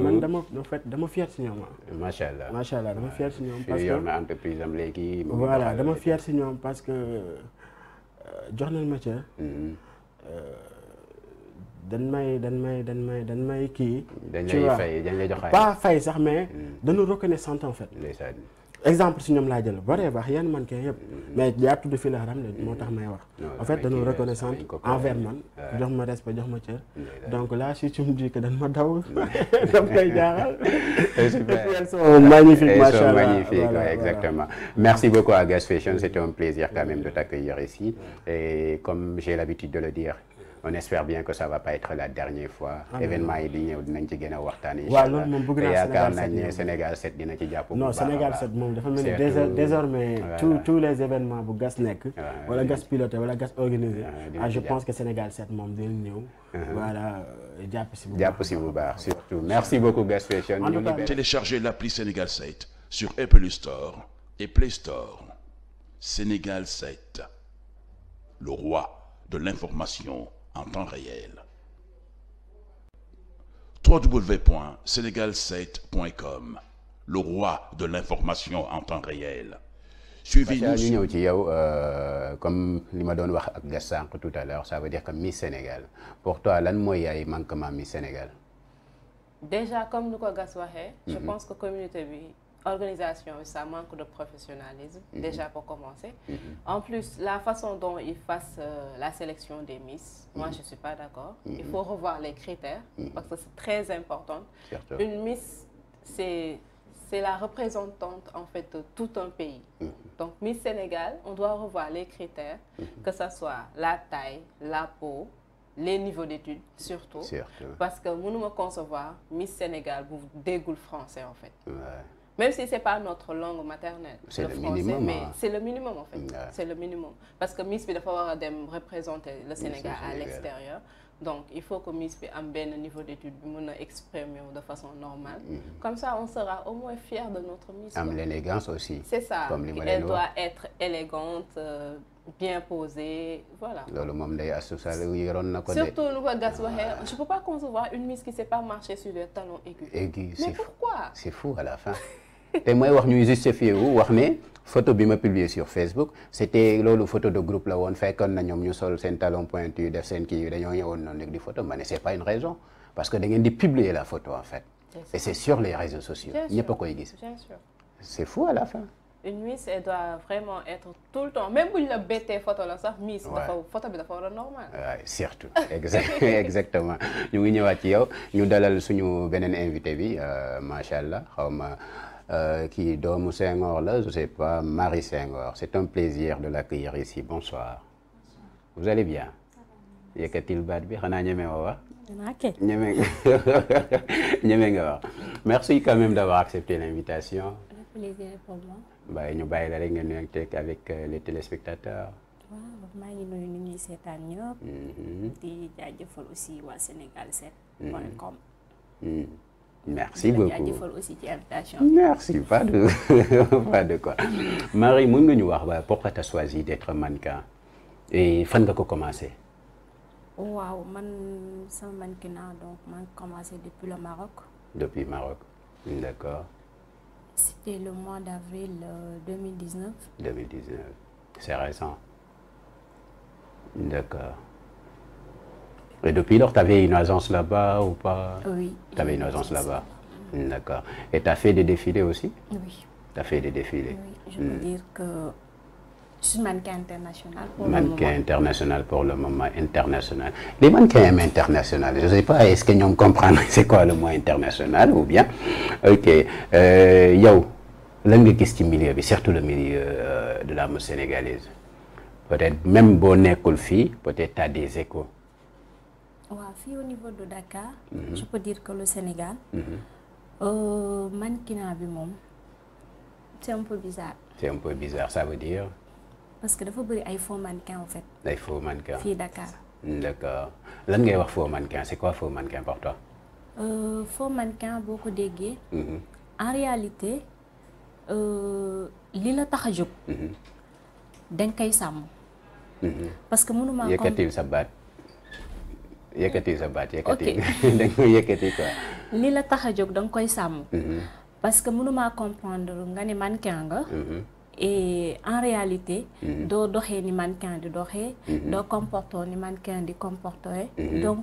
man dama en fait dama fier si ñoom ah. macha allah macha allah dama fier si ñoom. parce que
na entreprise am léegi. voilà dama fier
si ñoom euh, jox nañ ma ca.
Mm-hmm. Euh,
dañ may dan may dañ may dañ may kii. dañ lay fay
dañ lay jox pas
sax mais. Mm. dañu reconnaissant en fait. exemple si ñoom laa jël bare baax yan man kay yëpp mais yaa tudd fii la xaram ne moo tax may wax en fait dañoo reconnaissante envers man jox ma respect jox ma cër donc là si tu me dis que dañ ma daw dam koy jaaxal
elles
sont magnifiques macha allah magnifique voilà,
exactement voilà. merci beaucoup à Gas Fashion c'était un plaisir quand même de t'accueillir ici et comme j'ai l'habitude de le dire on espère bien que ça va pas être la dernière fois. Ah, événement yi di dinañ ci gën waxtaan. incha allah waaw loolu moom bëgg naa yaakaar nañ ne Sénégal 7 dina ci Sénégal 7 moom dafa mel ni désormais tous
tous les événements bu gas nekk. wala gas piloté wala gas ah, je pense que Sénégal set moom dina ñëw. Uh-huh. voilà
euh, jàpp si bu jàpp
si bu baax surtout merci beaucoup Gas Fashion. en tout cas téléchargez l'appli Sénégal 7 sur Apple Store et Play Store. Sénégal 7, le roi de l'information. en temps réel. www.senegal7.com le roi de l'information en temps réel.
suivez-nous ñu ci yow euh, comme li ma doon wax ak gas sànq tout à l'heure ça veut dire que Miss Sénégal pour toi lan mooy yaay manquement mi Sénégal.
déjà comme ni ko je mhm. pense que communauté bi organisation ça manque de professionnalisme mm -hmm. déjà pour commencer mhm. en plus la façon dont ils fassent euh, la sélection des miss mm -hmm. moi mhm. je suis pas d'accord mhm. il faut revoir les critères parce que c'est très important Certes. une miss c'est c'est la représentante fait de tout un pays donc Miss Sénégal on doit revoir les critères que ça soit la taille la peau les niveaux d'études surtout parce que mënuma concevoir Miss Sénégal bu déggul français en fait même si c'est pas notre langue maternelle. c'est le, le français, minimum mais c'est le minimum en c'est le minimum parce que Miss bi dafa war a dem représenter le Sénégal à l'extérieur donc il faut que Miss bi am benn niveau d'étude bi mën a exprimer de façon normale. Mm. comme ça on sera au moins fier de notre
Miss. aussi. c'est ça comme li ma leen wax elle doit
être élégante. Euh, loolu
moom day associé yoroon na ko. surtout
nu ko gas je peux pas concevoir une miss qui sait pas marcher sur les talons
te mooy wax ñu justifié wu wax ne photo bi ma publier sur Facebook c'était loolu photo de groupe la woon fekkoon na ñoom ñu sol seen talon pointu def seen kii yu dañoo ñëwoon noonu rek di photo ma c'est pas une raison parce que da di publier la photo en fait et c'est sur les réseaux sociaux ñëpp a koy gis c'est fou à la fin
une miss elle doit vraiment tout le temps même bu ñu la bettee photo la sax miss dafa war normal
surtout exactement ñu ngi ñëwaat ci yow ñu dalal suñu beneen invité bi euh, macha allah xaw ma kii euh, doomu Senghor la je sais pas Marie Senghor c'est un plaisir de l'accueillir ici bonsoir vous allez bien yëkkatil baat bi xanaa ah? ñeme woo wax ñeme ñeme nga wax merci quand d'avoir accepté l'invitation bàyyi ñu bàyyi la rek nga nuyoog teg avec euh, les téléspectateurs waaw maa merci beaucoup
merci
pas de pas de quoi Marie mën nga ñu wax ba pourquoi tu as choisi d'être mannequin et fan nga ko commencé
waaw man sa mannequinat donc maa ngi commencé depuis le Maroc
depuis Maroc d'accord
c'était le mois d'avril 2019
euh, 2019 c'est récent d'accord Et depuis lors, tu avais une agence là-bas ou pas Oui. Tu avais une agence là-bas. Mmh. D'accord. Et tu as fait des défilés aussi Oui. Tu as fait des défilés Oui, je peux mmh.
dire que je suis mannequin international
pour mannequin le moment. Mannequin international pour le moment, international. Les mannequins internationaux, je ne sais pas, est-ce que nous comprenons c'est quoi le mot international ou bien Ok. Euh, yo, qu'est-ce qui milieu, surtout le milieu euh, de la mode sénégalaise Peut-être même si tu peut-être tu as des échos.
waaw fii au niveau de Dakar. Mhm. je peux dire que le Sénégal. Mhm. Euh, mannequinat bi moom c'est un peu bizarre.
c'est un peu bizarre
parce que dafa bëri ay faux mannequin en fait. fii Dakar.
Mm, lan ngay wax faux mannequin c'est quoi faux mannequin
euh, boo ko déggee. Mhm. en réalité euh, li la tax a jóg. da koy sàmm. parce que mënuma. yëkkatil
sa baat. yëkkati sa baat yëkkati da nga yëkkati quoi.
li la tax a jóg danga koy sàmm. Mhm. parce que mënumaa comprendre nga ni mannequin nga. Mhm. et en réalité. Mhm. doo doxee ni mannequin di doxee. doo comportoo ni mannequin di comportee. donc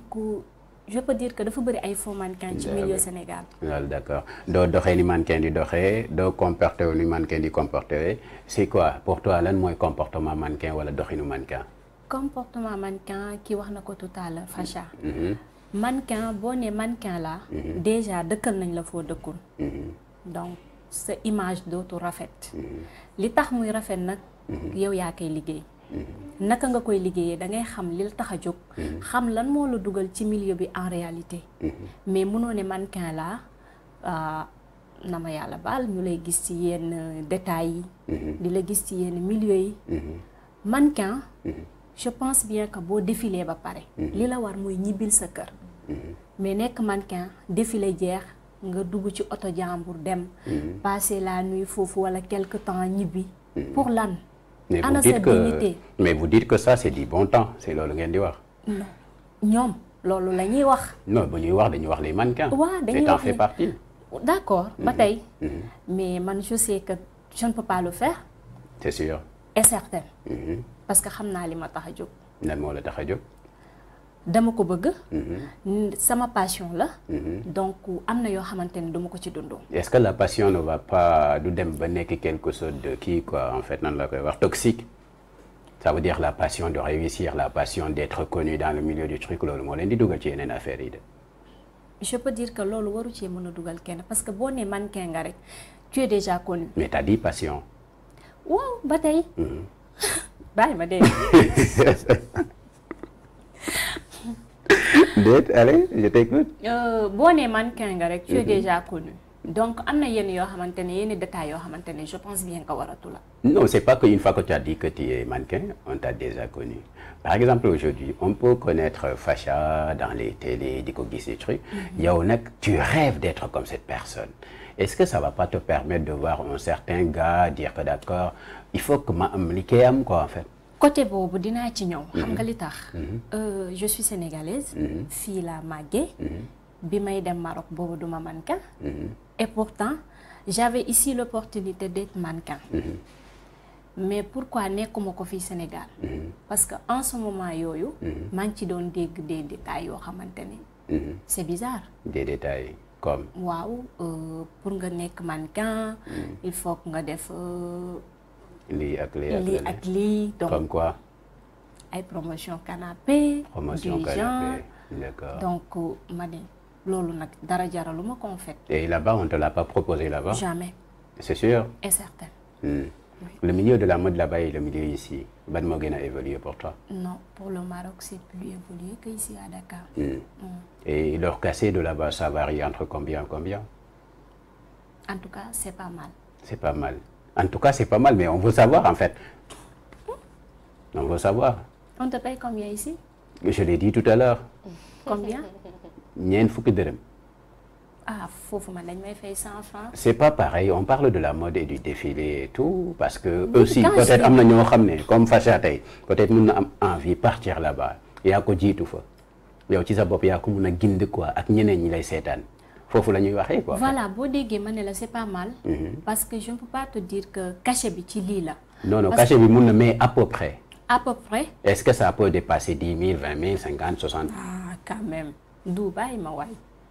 je peux dire que dafa bëri ay faux mannequin ci milieu Sénégal.
d' accord doo doxee ni mannequin di doxee doo comporté wu ni mannequin di comporté c'est quoi pour toi lan mooy comportement mannequin wala doxinu mannequin.
comportement mannequin ki wax na ko total Facha mm-hmm. mannequin boo nee mannequin la mm-hmm. déjà dëkkal nañ la foo dëkkul mm-hmm. donc sa image dootu rafet li tax muy rafet nag yow yaa koy liggéey naka nga koy liggéeyee da ngay xam li la tax a jóg xam lan moo la dugal ci milieu bi en réalité mais munoo ne mannequin la euh, na ma yàlla baal ñu lay gis ci yenn détails yi di la gis ci yenn milieu yi mannequin je pense bien que boo défilé ba pare. Mhm. li la war mooy ñibbil sa kër. Mhm. mais nekk mannequin défilé jeex nga dugg ci oto jàmbur dem. Mhm. passer la nuit foofu wala quelque temps ñibbi. pour lan. ana sa dignité
mais vous dites que ça c'est du bon temps c'est loolu ngeen di wax.
ñoom loolu la ñuy wax.
non bu ñuy wax dañuy wax les mannequins. waaw dañuy wax fait partie.
d'accord ba tey. mais man je ka que je ne le faire. c'est sûr. parce que xam naa li ma tax a jóg.
lan moo la tax a jóg. dama ko bëgg. Mm-hmm.
sama passion la. Mm-hmm. donc am na yoo xamante ne duma ko ci dund.
est-ce que la passion ne va pas du dem ba nekk kii quoi en fait nan la koy wax toxique. ça veut dire la passion de réussir la passion d'être connu dans le milieu du truc loolu moo leen di dugal ci yeneen affaires yi de.
je peux dire que loolu waru cee mën a dugal kenn parce que boo nee mannequin nga rek tu es déjà connu.
mais t'as dit passion.
waaw ba tey.
Mm-hmm.
bàyyi ma dégg.
déet allez je t'écoute.
Euh, boo nee mannequin nga rek. tu es mm-hmm. déjà connu. donc am na yenn yoo xamante ne yenn détails yoo xamante ne je pense bien que waratu la.
non c'est pas que une fois tu as dit que tu es mannequin on t'a déjà connu par exemple aujourd'hui on peut connaître Facha dans les télés di ko gis des trucs. Mm-hmm. yow nag tu rêves d'être comme cette personne. est-ce que ça va pas te permettre de voir un certain gars dire que d'accord il faut que ma am liggéeyam am ko fait.
côté boobu dinaa ci ñëw. Mm-hmm. xam nga li tax. Mm-hmm. Euh, je suis sénégalaise. Mm-hmm. fii laa màggee. bi may dem Maroc boobu duma mannequin. et pourtant j'avais ici l'opportunité d'être mannequin. mais pourquoi nekkuma ko fii Sénégal. parce que en ce moment yooyu. maa ngi ci doon dégg des détails yoo xamante ni. c'est bizarre.
des détails comme.
waaw euh, pour nga nekk mannequin. il faut que nga def. Euh,
lii ak lii ak lii ak
lii donc comme quoi ay promotion canapé promotion du donc euh, ma ne loolu nag fait
là-bas on te l'a pas proposé là-bas c'est sûr et certain hmm. le milieu de la mode là-bas et le milieu ici ban a évolué pour
le Maroc c'est plus évolué que ici hmm.
Hmm. et leur cassé de là-bas ça varie entre combien combien
en tout cas c'est pas mal
c'est pas mal En tout cas, c'est pas mal, mais on veut savoir en fait. On veut savoir. On te paye Je l'ai dit tout à l'heure. Combien? fukki dërëm.
ah foofu man dañ may fay cent francs.
c'est pas pareil on parle de la mode et du défilé et tout parce que. aussi peut-être am na ñoo xam ne comme Facha tey peut-être mun na am envie partir là-bas yaa ko jiitu fa yow ci sa bopp yaa ko mun a gind quoi ak ñeneen ñi lay seetaan. foofu la ñuy waxee voilà
boo déggee ma ne la c'est pas mal. Mhm. parce que je ne peux pas te dire que cachet bi ci lii la.
non non cachet bi mun na mais à peu près. à peu près. est-ce que ça peut dépasser dix mille vingt mille cinquante soixante. ah
quand même Dubaï ma waay.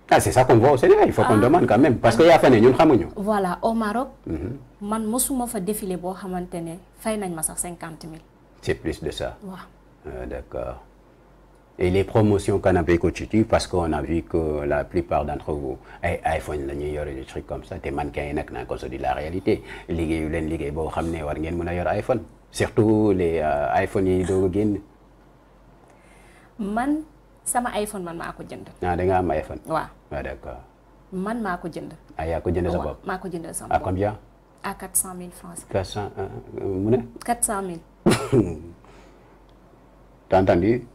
ah c'est ça qu'on voit au Sénégal il faut qu'on ah. demande quand même parce que yaa fa ne ñun xamuñu.
voilà au Maroc. Mhm. man mosuma fa défilé boo xamante ne fay nañ ma sax cinquante mille.
c'est plus de ça. waaw. Ah, et les promotions canapé constituent parce qu'on a vu que la plupart d'entre vous iPhone la ñuy yore des trucs comme ça te mannequin yi nag naa ko di la réalité liggéeyu leen liggéey boo xam ne war ngeen mën a yor iPhone surtout les euh, iPhone yi doog a génn.
man sama iPhone man maa ko jënd.
ah da nga am iPhone. waaw waaw ah, d'accord.
man maa ko jënd.
ah ko jënd sa bopp
maa ko jëndal sa bopp à combien. à quatre cent mille francs.
quatre cent euh, mu ne. quatre entendu.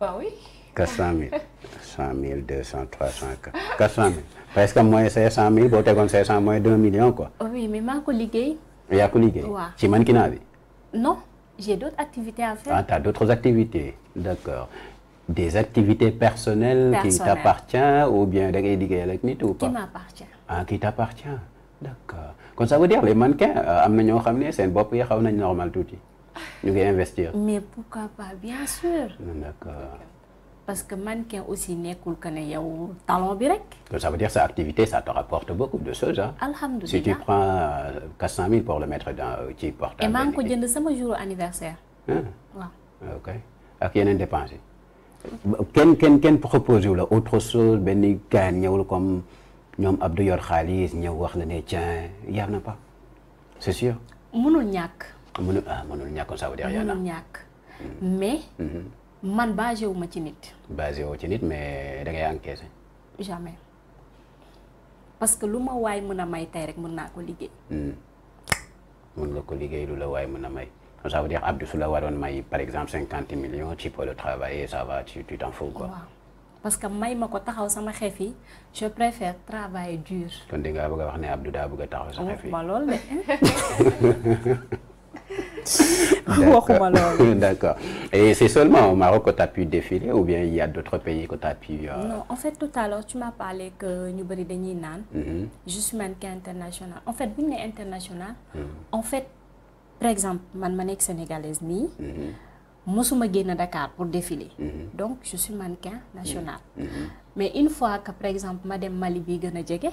waaw oui. 400000 100000 200 300 400000 presque mooy 500000 boo tegoon 500 mooy 2 millions quoi.
Oh oui mais maa ngi ko liggéey.
yaa ko liggéey. waaw ci mannequinat bi.
non j'ai d'autres activités à faire. ah t'as
d'autres activités d'accord des activités personnelles. personnelles qui t'appartient ou bien da ngay liggéeyal ak nit ou pas. qui m'appartient. ah qui t'appartient d'accord kon ça veut man les mannequins euh, am na ñoo xam ne seen bopp yi xaw nañ normal tuuti. ñu ngi investir.
mais pourquoi pas bien sûr. parce que mannequin aussi nekkul que ne yow talon bi rek.
ça veut dire sa activité ça te rapporte beaucoup de choses ah.
alhamdulilah
euh, mille pour le mettre dans euh, ci portable.
et maa ngi ko jënd sama jour anniversaire.
waaw. ok ak yeneen dépenses kenn kenn kenn proposé wu la autre chose benn gaan ñëwul comme ñoom Abdou yor xaalis ñëw wax la ne tiens y na a pas c'est sûr.
mënul ñàkk.
mënul ah mënul ñàkk ça veut dire yaa mënul mais. Mm-hmm.
man basé wu ma ci nit.
basé woo ci nit mais da ngay encaissé.
jamais parce que lu ma waay mën a may tey rek mën naa ko liggéey.
Mm. mën nga ko liggéey lu la waay mën a may. ça veut dire Abdou su la waroon may par exemple cinquante millions tu peux le travailler ça va tu tu t'en
parce que may ma ko taxaw sama xef yi je préfère travailler dur.
kon di nga bëgg wax ne Abdou daa bëgg a taxaw sa oh, xef yi. ma lool de. waxuma loolu d'accord et c'est seulement au Maroc que tu as pu défiler ou bien il y a d'autres pays que tu as euh, non
en fait tout à l'heure tu m'as parlé que ñu bëri dañuy naan mhm. je suis mannequin international en fait bu ñu nee international mhm. en fait par exemple man ma nekk sénégalaise nii mhm. mosuma génn Dakar pour défiler donc je suis mannequin national mais une fois que par exemple ma dem Mali bi gën a jege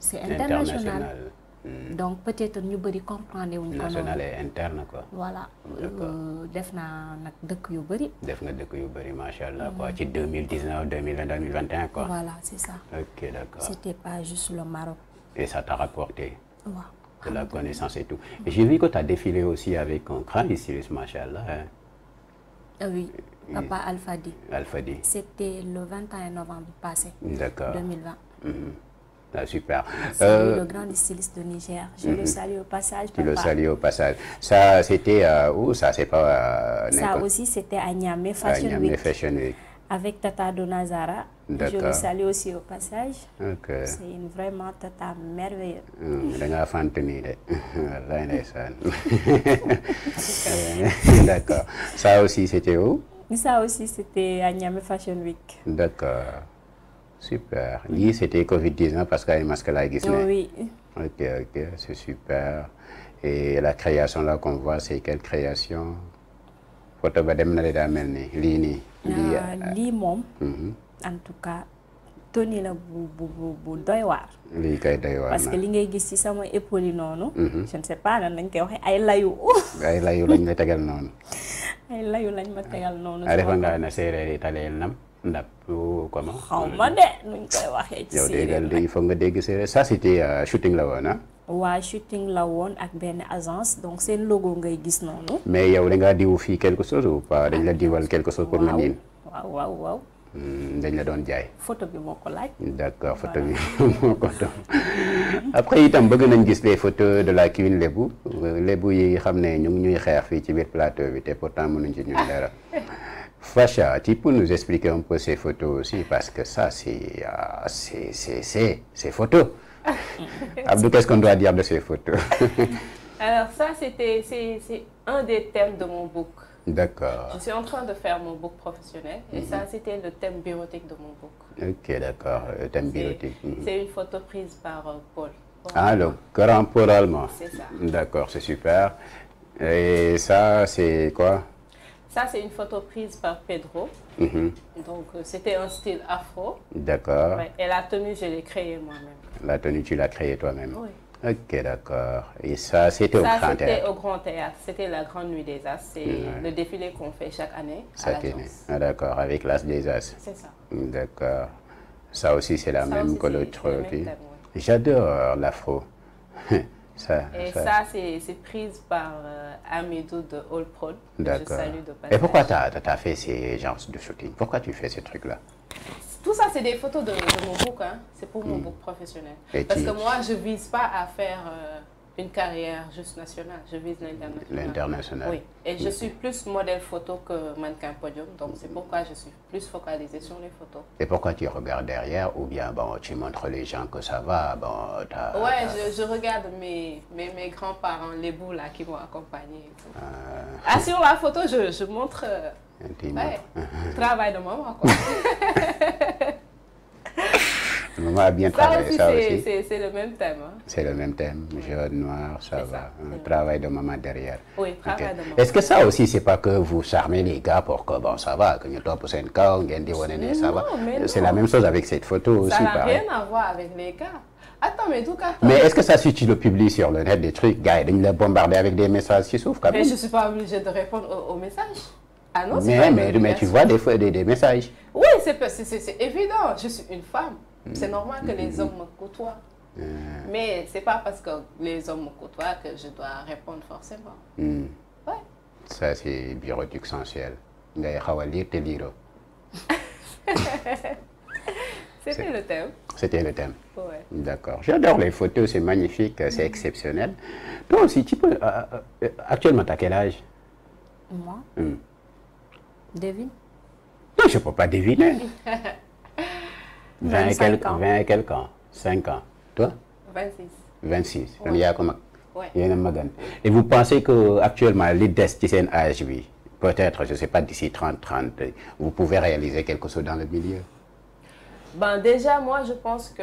c'est international Hmm. donc peut-être ñu bëri comprendre wuñ ko national et
interne quoi.
voilà euh, def na nag dëkk yu bëri.
def na dëkk yu bëri macha allah quoi hmm. ci deux mille dix neuf deux mille vingt deux mille vingt et un quoi. voilà c'est ça. ok d'accord c'était
pas juste le Maroc.
et ça t'a rapporté.
de
la connaissance et tout. Mm -hmm. j'ai vu que aussi avec un grand styliste macha allah.
Ah papa Alfadi. Alfadi. c'était le 21 novembre passé. d'accord
Ah, super. C'est euh, le
grand styliste de Niger. Je le mhm. salue au passage. Tu le salues
au passage. Ça, c'était euh, où euh,
Fashion, Week. Week. Tata Donazara.
Je le salue
au passage. Okay. C'est une vraiment tata merveilleuse.
Hmm, D'accord. Ça aussi, c'était où
Ça Fashion Week.
D'accord. Super. lii c'était Covid-19 parce que ay masque laay gis ne. oui. ok c'est super la création là qu'on voit quelle création photo ba dem na de daa mel ni lii nii. Ah,
lii euh, moom. Mhm. en tout cas toni la bu bu bu doy waar.
lii kay doy waar parce que li
ngay gis ci sama épaule noonu. Mhm. je ne pas nan lañ koy waxe ay layu.
ay layu lañ la tegal noonu.
ay layu lañ ma tegal noonu. a refa nga na
séeréer yi taleel nam. ndap comment. Oh, xaw ma de
nuñ koy waxee. ci séeréer yow dégg
nga fa nga dégg séeréer ça c'était euh, shooting la woon ah.
waa shooting la woon ak benn agence donc seen logo ngay gis noonu.
mais yow da ngaa diw fii quelque chose ou pas dañ la diwal quelque chose. pour nga niin hmm, dañ la doon jaay. photo bi moo ko laaj. d'accord photo bi moo ko doon après itam bëgg nañ gis les photos de la cuisine lébu euh, lébu yi xam ne ñu ñuy xeex fii ci biir plateau bi te pourtant mënuñ ci ñun dara. Facha, tu peux nous expliquer un peu ces photos aussi, parce que ça, c'est euh, ces photos. Abdou, qu'est-ce qu'on doit dire de ces photos
Alors ça, c'était c'est un des thèmes de mon book.
D'accord. Je suis
en train de faire mon book professionnel et mm -hmm. ça, c'était le thème bureautique de mon book.
Ok, d'accord, le thème bureautique. Mhm. C'est
une photo prise par euh, Paul.
Paul ah, le grand Paul allemand. C'est ça. D'accord, c'est super. Et ça, c'est quoi
Ça, c'est une photo prise par Pedro. Mhm. Donc, euh, c'était un style afro.
D'accord. Ouais.
Et la je l'ai créée moi-même.
La tenue, tu l'as créée toi-même Ok, d'accord. Et c'était
au Grand Théâtre c'était la Grande Nuit des As. C'est le défilé qu'on fait chaque année à l'agence.
Ah, avec l'As des As. D'accord. c'est la même que l'autre. J'adore l'afro. Ça, et ça, ça
c'est prise par euh, Amidou de All Prod. D'accord. Et pourquoi
tu as, as, fait ces genres de shooting Pourquoi tu fais ces trucs-là
Tout ça, c'est des photos de, de mon book. Hein. C'est pour mmh. mon hmm. book professionnel. Et Parce tu... que moi, je ne vise pas à faire... Euh, une carrière juste nationale. Je vise l'international. L'international. Oui. Et je suis plus modèle photo que mannequin podium. Donc, c'est pourquoi je suis plus focalisée sur les photos.
Et pourquoi tu regardes derrière ou bien bon, tu montres les gens que ça va bon, as, Ouais,
Je, regarde mes, grands-parents, les bouts qui m'ont accompagné. Ah. ah. sur la photo, je, je montre. Euh, travail de maman, quoi.
Maman a bien ça travaillé aussi,
aussi. C'est le même thème.
C'est le même thème. Jaune, travail de maman derrière. Est-ce que ça aussi, c'est pas que vous charmez les pour que bon, ça va, que nous top un cas, on ça va. C'est la même chose avec cette photo ça aussi. Ça n'a rien
à voir avec les gars. Attends, mais tout cas. Mais est-ce que ça,
si tu le publies sur le net, des trucs, gars, ils me bombardent avec des messages qui souffrent quand même. Mais je ne suis
de répondre aux, aux ah messages. Mm. C'est normal que les mm-hmm. hommes me côtoient. Mmh. Mais c'est pas parce que les hommes me côtoient que je dois répondre forcément.
Mmh. Ouais. Ça, c'est bureautique sensuel. Ngay xaw a lire te lire.
C'était le thème.
C'était le thème. Ouais. D'accord. J'adore les photos, c'est magnifique, c'est mmh. exceptionnel. Toi aussi, tu peux. Euh, euh, euh actuellement, t'as quel âge? Moi? Mm. Devine. Non, je peux pas deviner.
vingt et quelques vingt et
quelques ans cinq ans toi. vingt six vingt six. kon yaa ko mag. yéen a magan et vous pensez que actuellement li des ci seen âge bi peut-être je sais pas d'ici trente trente vous pouvez réaliser quelque chose dans le milieu.
ben déjà moi je pense que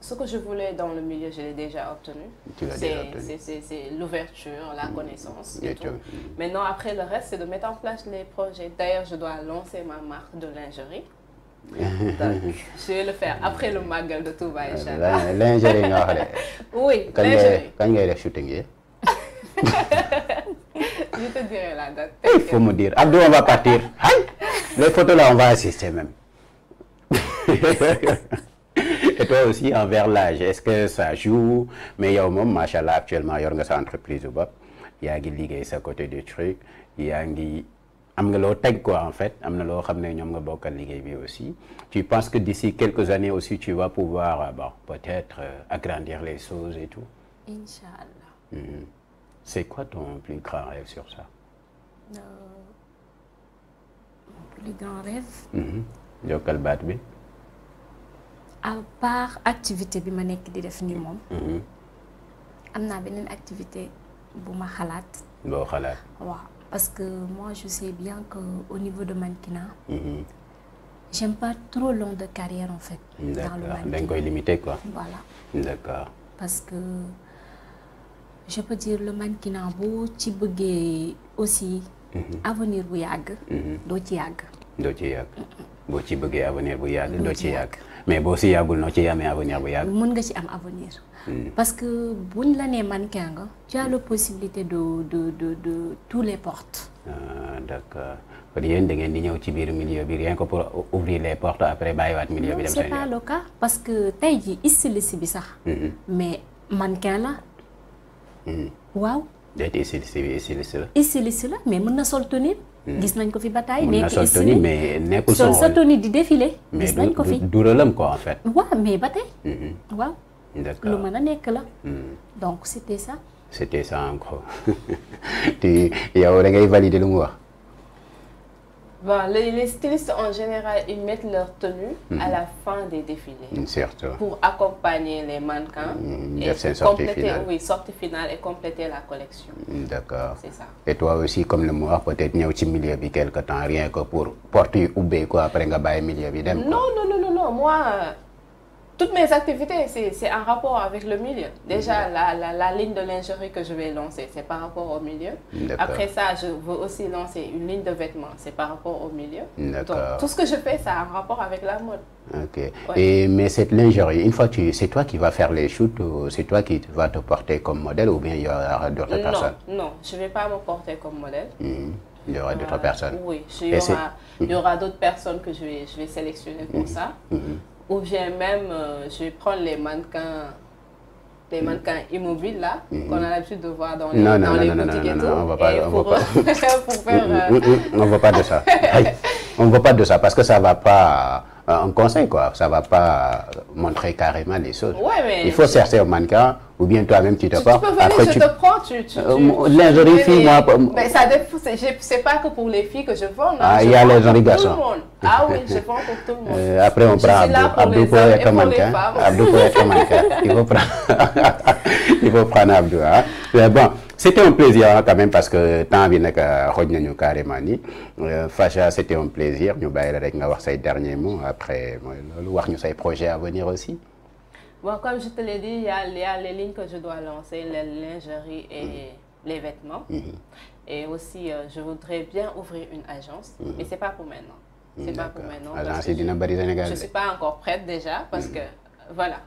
ce que je voulais dans le milieu je l'ai déjà obtenu.
tu l'as déjà obtenu c'est
c'est c'est l'ouverture la mm. connaissance. et tout maintenant après le reste c'est de mettre en place les projets d'ailleurs je dois lancer ma marque de lingerie.
donc
je vais le faire après le màggal de Touba incha allah. lingerie nga wax de. oui lingerie
kañ ngay
te dirai la date.
il
faut me dire Abdou on va partir ay les photos on va assister même. et toi aussi envers l'âge est-ce que ça joue mais yow moom macha allah actuellement yor nga sa entreprise bu bopp yaa ngi liggéey sa côté du truc yaa ngi. am nga loo teg ko en fait am na loo xam ne ñoom nga bokkal liggéey bi aussi tu penses que d'ici quelques années aussi tu vas pouvoir euh, bon peut-être euh, agrandir les choses et tout.
Inch'Allah.
Mmh. C'est quoi ton plus grand rêve sur ça?
Euh, mon plus grand rêve.
jokkal mm-hmm. baat bi.
activité bi ma nekk di def nii moom. Mm-hmm. am naa beneen activité bu ma xalaat. boo xalaat Parce que moi, je sais bien qu'au niveau de mannequinat, mm j'aime pas trop long de carrière en fait. Dans le mannequinat. limité quoi. Parce que je peux dire le mannequinat, boo ci bëggee aussi. Mm-hmm. avenir bu yàgg. Mm-hmm. doo ci yàgg.
doo ci yàgg. boo ci bëggee avenir bu yàgg doo ci yàgg. mais boo si yàggul noo ci amee avenir bu
mën nga ci am avenir. Hmm. parce que buñ la nee mannequin nga. tu as la possibilité de de de tous les portes.
Ah, d'accord kon yéen di ñëw ci biir million bi rien que pour ouvrir les portes après bàyyiwaat milieu bi. dem seen c'est pas
le parce que tey jii styliste bi sax. Hmm. mais mannequin la. Hmm. waaw.
day te styliste bi styliste la.
styliste la mais mën na sol tenue. Hmm. gis nañ ko fi bataay. nekk istimé mun na sol mais nekkul son sa tenue di défilé. gis nañ ko fi mais
du rëlam quoi en fait.
waaw mais ba tey. Hmm. lu mën a nekk la. Hmm. donc c' était ça.
c' était ça en gros. te yow da ngay valider lu mu wax.
Bon, les, les, en général, ils mettent leur tenue mmh. à mhm. la fin des défilés. Pour accompagner les mannequins. Mmh, et compléter, finale. Oui, sortie finale et compléter la collection. Mm, d'accord. C'est
ça. aussi, comme le moi, peut-être venir au milieu depuis quelque temps, rien que pour porter ou quoi, après un milieu. Non,
non, non, non, non. Moi, toutes mes activités, c'est en rapport avec le milieu. Déjà, mm-hmm. la, la, la ligne de lingerie que je vais lancer, c'est par rapport au milieu. Après ça, je veux aussi lancer une ligne de vêtements, c'est par rapport au milieu. Donc, tout ce que je fais, ça a rapport avec la mode.
mais c'est toi qui vas faire les shoots, c'est toi qui vas te porter comme modèle ou bien il y aura d'autres personnes
Non, je vais pas me porter comme modèle. Mm-hmm.
Il y aura d'autres euh,
mm-hmm. personnes que ou bien même euh, je vais prendre les mannequins les mm. mannequins immobiles là mm-hmm. qu'on a l'habitude de voir dans les non, non, dans non, les boutiques et tout. on va pas, on pour, va pas. pour faire,
euh... Mm-hmm, mm-hmm, on ne veut pas de ça. Aïe. On ne veut pas de ça parce que ça va pas Euh, un conseil quoi ça va pas euh, montrer carrément les choses ouais, mais il faut chercher au mannequin ou bien toi-même tu te prends après tu te
prends tu tu euh, lingerie fille moi mais ça c'est pas que pour les filles que je vends ah il y a lingerie garçon ah oui je vends pour tout le monde après on prend Abdou pour être mannequin Abdou pour être mannequin il faut prendre
il faut prendre Abdou hein mais bon c'était un plaisir parce que temps bi nag euh, xoj nañu carrément ni euh, Facha c'était un plaisir ñu bàyyi la rek nga wax say dernier mot après mooy loolu wax ñu say projet à venir aussi.
bon comme je te l'ai dit il y que je dois lancer la lingerie et mmh. les vêtements. Mm-hmm. aussi euh, je voudrais bien ouvrir une agence. Mmh. mais c'est pas pour maintenant. c'est pas pour maintenant agence dina bari Sénégal je suis pas encore prête déjà parce mm-hmm. que voilà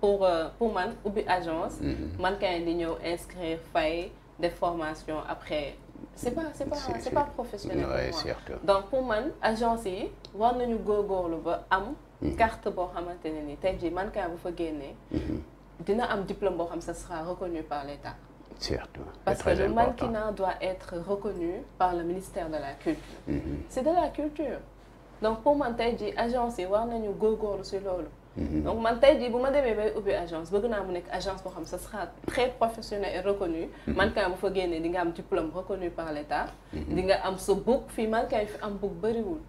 pour pour man ubbi agence. Mm-hmm. man kay di ñëw inscrire fay. def formation après c'est pas c'est pas c'est pas professionnel pour moi donc pour man agence yi war nañu góorgóorlu ba am mhm. carte boo xamante ne ni tey jii mannequin bu fa génnee mhm. dina am diplôme boo xam ça sera reconnu par l'État
Surtout. Parce que le mannequinat
doit être reconnu par le ministère de la Culture. Mm -hmm. C'est de la culture. Donc pour man tey jii agence yi war nañu góorgóorlu ci loolu. Mhm. donc man tey jii bu ma demee bay ubbi agence bëgg naa mu nekk agence boo xam sa sera très professionnel et reconnu mhm. mannequin bu fa génne di nga am diplôme reconnu par l' état mhm. di nga am sa book fii mannequin yi fi am book bëriwul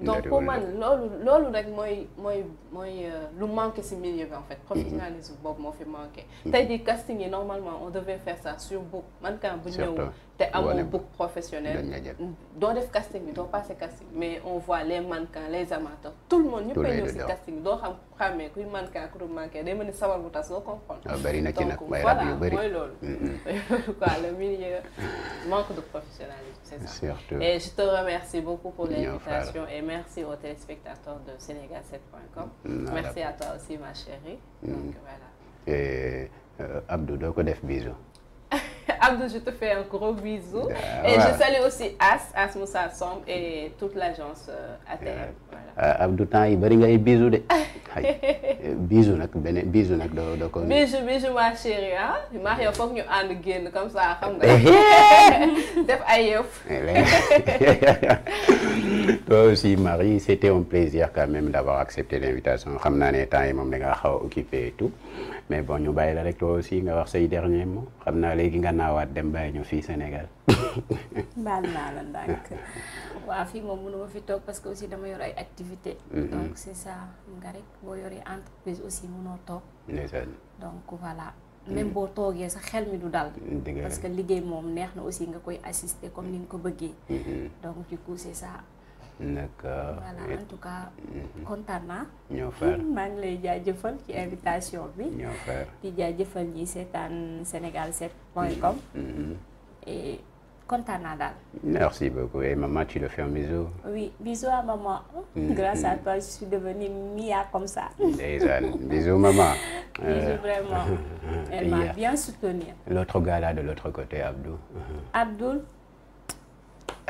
donc pour man loolu loolu rek mooy mooy mooy euh, lu manqué ci milieu bi en fait professionnalisme boobu moo fi manqué hmm. tey di casting yi normalement on devait faire ça sur book man quand bu ñëw te amoo book professionnel doo def casting bi doo passé casting mais on voit les mannequins les amateurs a ñëw ci casting bi doo xam xàmmee kuy mannequin ku dul mannequin day mën ni sabar bu tas doo comprendre ah, bëri na ci nag donc voilà mooy loolu hmm, hmm. quoi le milieu manque de professionnalisme c'est ça et je te merci aux téléspectateurs de Sénégal7.com. Mm, merci à toi aussi ma chérie.
Mm. donc voilà. et euh, Abdou doo ko def bisou.
Abdou, je te fais un gros bisou. Euh, et voilà. je salue aussi As, As Moussa Somb et toute l'agence euh, ATM. Euh,
voilà Abdou temps yi bëri ngay bisou de. bisou nag beneen bisou nag doo doo ko. bisou
bisou ma chérie ah. maa yow foog ñu ànd génn comme ça xam nga. Eh, eh. def ay yëf. Eh,
toi aussi Marie c' était un plaisir quand même d' avoir accepté l' invitation xam na ne temps yi moom da ngaa xaw a occupé et tout mais bon ñu bàyyi la rek toi aussi nga wax say dernier mot xam naa léegi nga. naawaat dem bàyyi ñu fii Sénégal.
baal naa la ndànk waaw fii moom mënu ma fi toog parce que aussi dama yor ay activité mm-hmm. donc c' est ça nga rek boo yoree entreprise aussi mënoo toog. donc voilà. Mm-hmm. même boo toogee sax xel mi du dal. parce que liggéey moom neex na aussi nga koy assister comme ni nga ko bëggee. Mm-hmm. donc du coup ça.
d'accord uh, voilà en tout cas mm-hmm. kontaan naa. ñoo far
maa ngi lay jaajëfal ci invitation bi. ñoo far di jaajëfal ñi seetaan Sénégal 7 point mm-hmm. com. Mm-hmm. et kontaan naa daal.
merci beaucoup et maman tu le fais un bisou.
oui bisou à maman. grâce à toi je suis devenue Mia comme ça. ndeysaan
bisou maman. bisou euh, vraiment.
elle Abdou. Abdoul.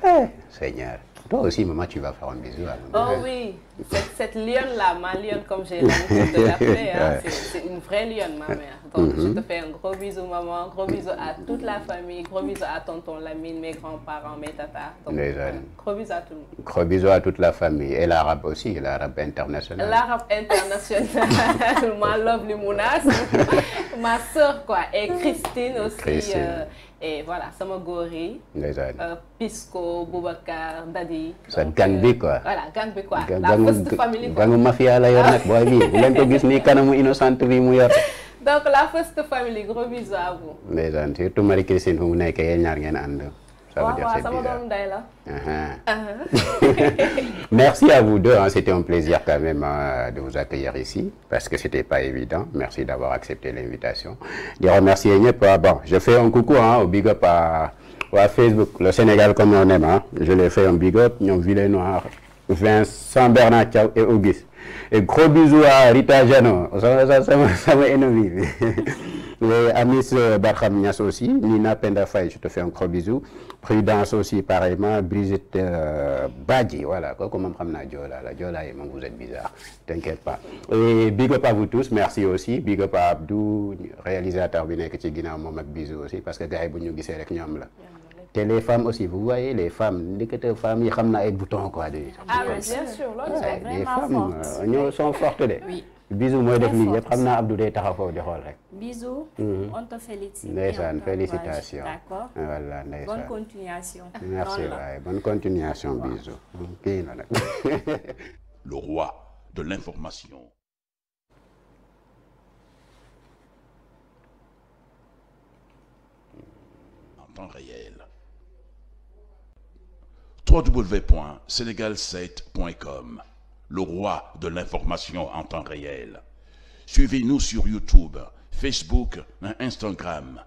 eh
Seigneur. Toi aussi, maman, tu vas faire un bisou à mon Oh
oui, cette, cette lionne-là, ma lionne, comme j'ai l'habitude de l'appeler, hein, c'est une vraie lionne, ma mère. Donc, je mhm. te fais un gros bisou, maman, un gros bisou à toute la famille, gros bisou tonton Lamine, mes grands-parents, mes tatas. Donc, Les jeunes. tout le monde.
Gros bisou à toute la famille et l'arabe aussi, l'arabe international.
L'arabe quoi et mm-hmm. Christine aussi. Christine. Euh, et voilà sama góor yi. Pisco Boubacar Dadi.
sa gang bi euh, quoi. voilà gang bi quoi. la first family gangu mafia la yor nag booy bi bu leen ko gis nii kanamu innocente bi mu yor.
donc la first family gros bisous à vous.
ndeysaan surtout Marie Christine fu mu nekkee yéen ñaar ngeen ànd. ça veut
dire c'est bizarre uh-huh. Uh-huh.
merci à vous deux hein. c'était un plaisir quand même hein, de vous accueillir ici parce que c'était pas évident merci d'avoir accepté l'invitation di remercier ñëpp bon je fais un coucou hein, au big up à waa Facebook le Sénégal comme on aime hein je les fais un big up ñoom Villet Noir Vincent Bernard Thiaw et Auguste et gros bisous à Rita Jano sama sama sama ennemi à Miss euh, Barham Niass aussi, Nina Penda Faye, je te fais un gros bisou. Prudence aussi, pareillement, Brigitte euh, Badji, voilà, comment je Diola, la Diola et vous êtes bizarre, t'inquiète pas. Et big up à vous tous, merci aussi, big up Abdou, réalisateur bi nekk ci ginnaaw moom ak bisou aussi, parce que gars yi bu ñu gisee rek ñoom la. te les femmes aussi vous voyez les femmes ndekete femmes yi xam na ay bouton quoi. de ah
les femmes
euh, ñoo sont fortes bisou mooy def lii yëpp xam naa Abdou day taxaw foofu di xool rek. bisou. Mm-hmm. on te félicite. ndeysaan félicitation d'accord voilà ndeysaan bonne continuation. merci waay bonne
continuation bisou. Mm, kii na nag. le roi de l'information. en temps réel. www.senegal7.com le roi de l'information en temps réel. Suivez-nous sur YouTube, Facebook, Instagram.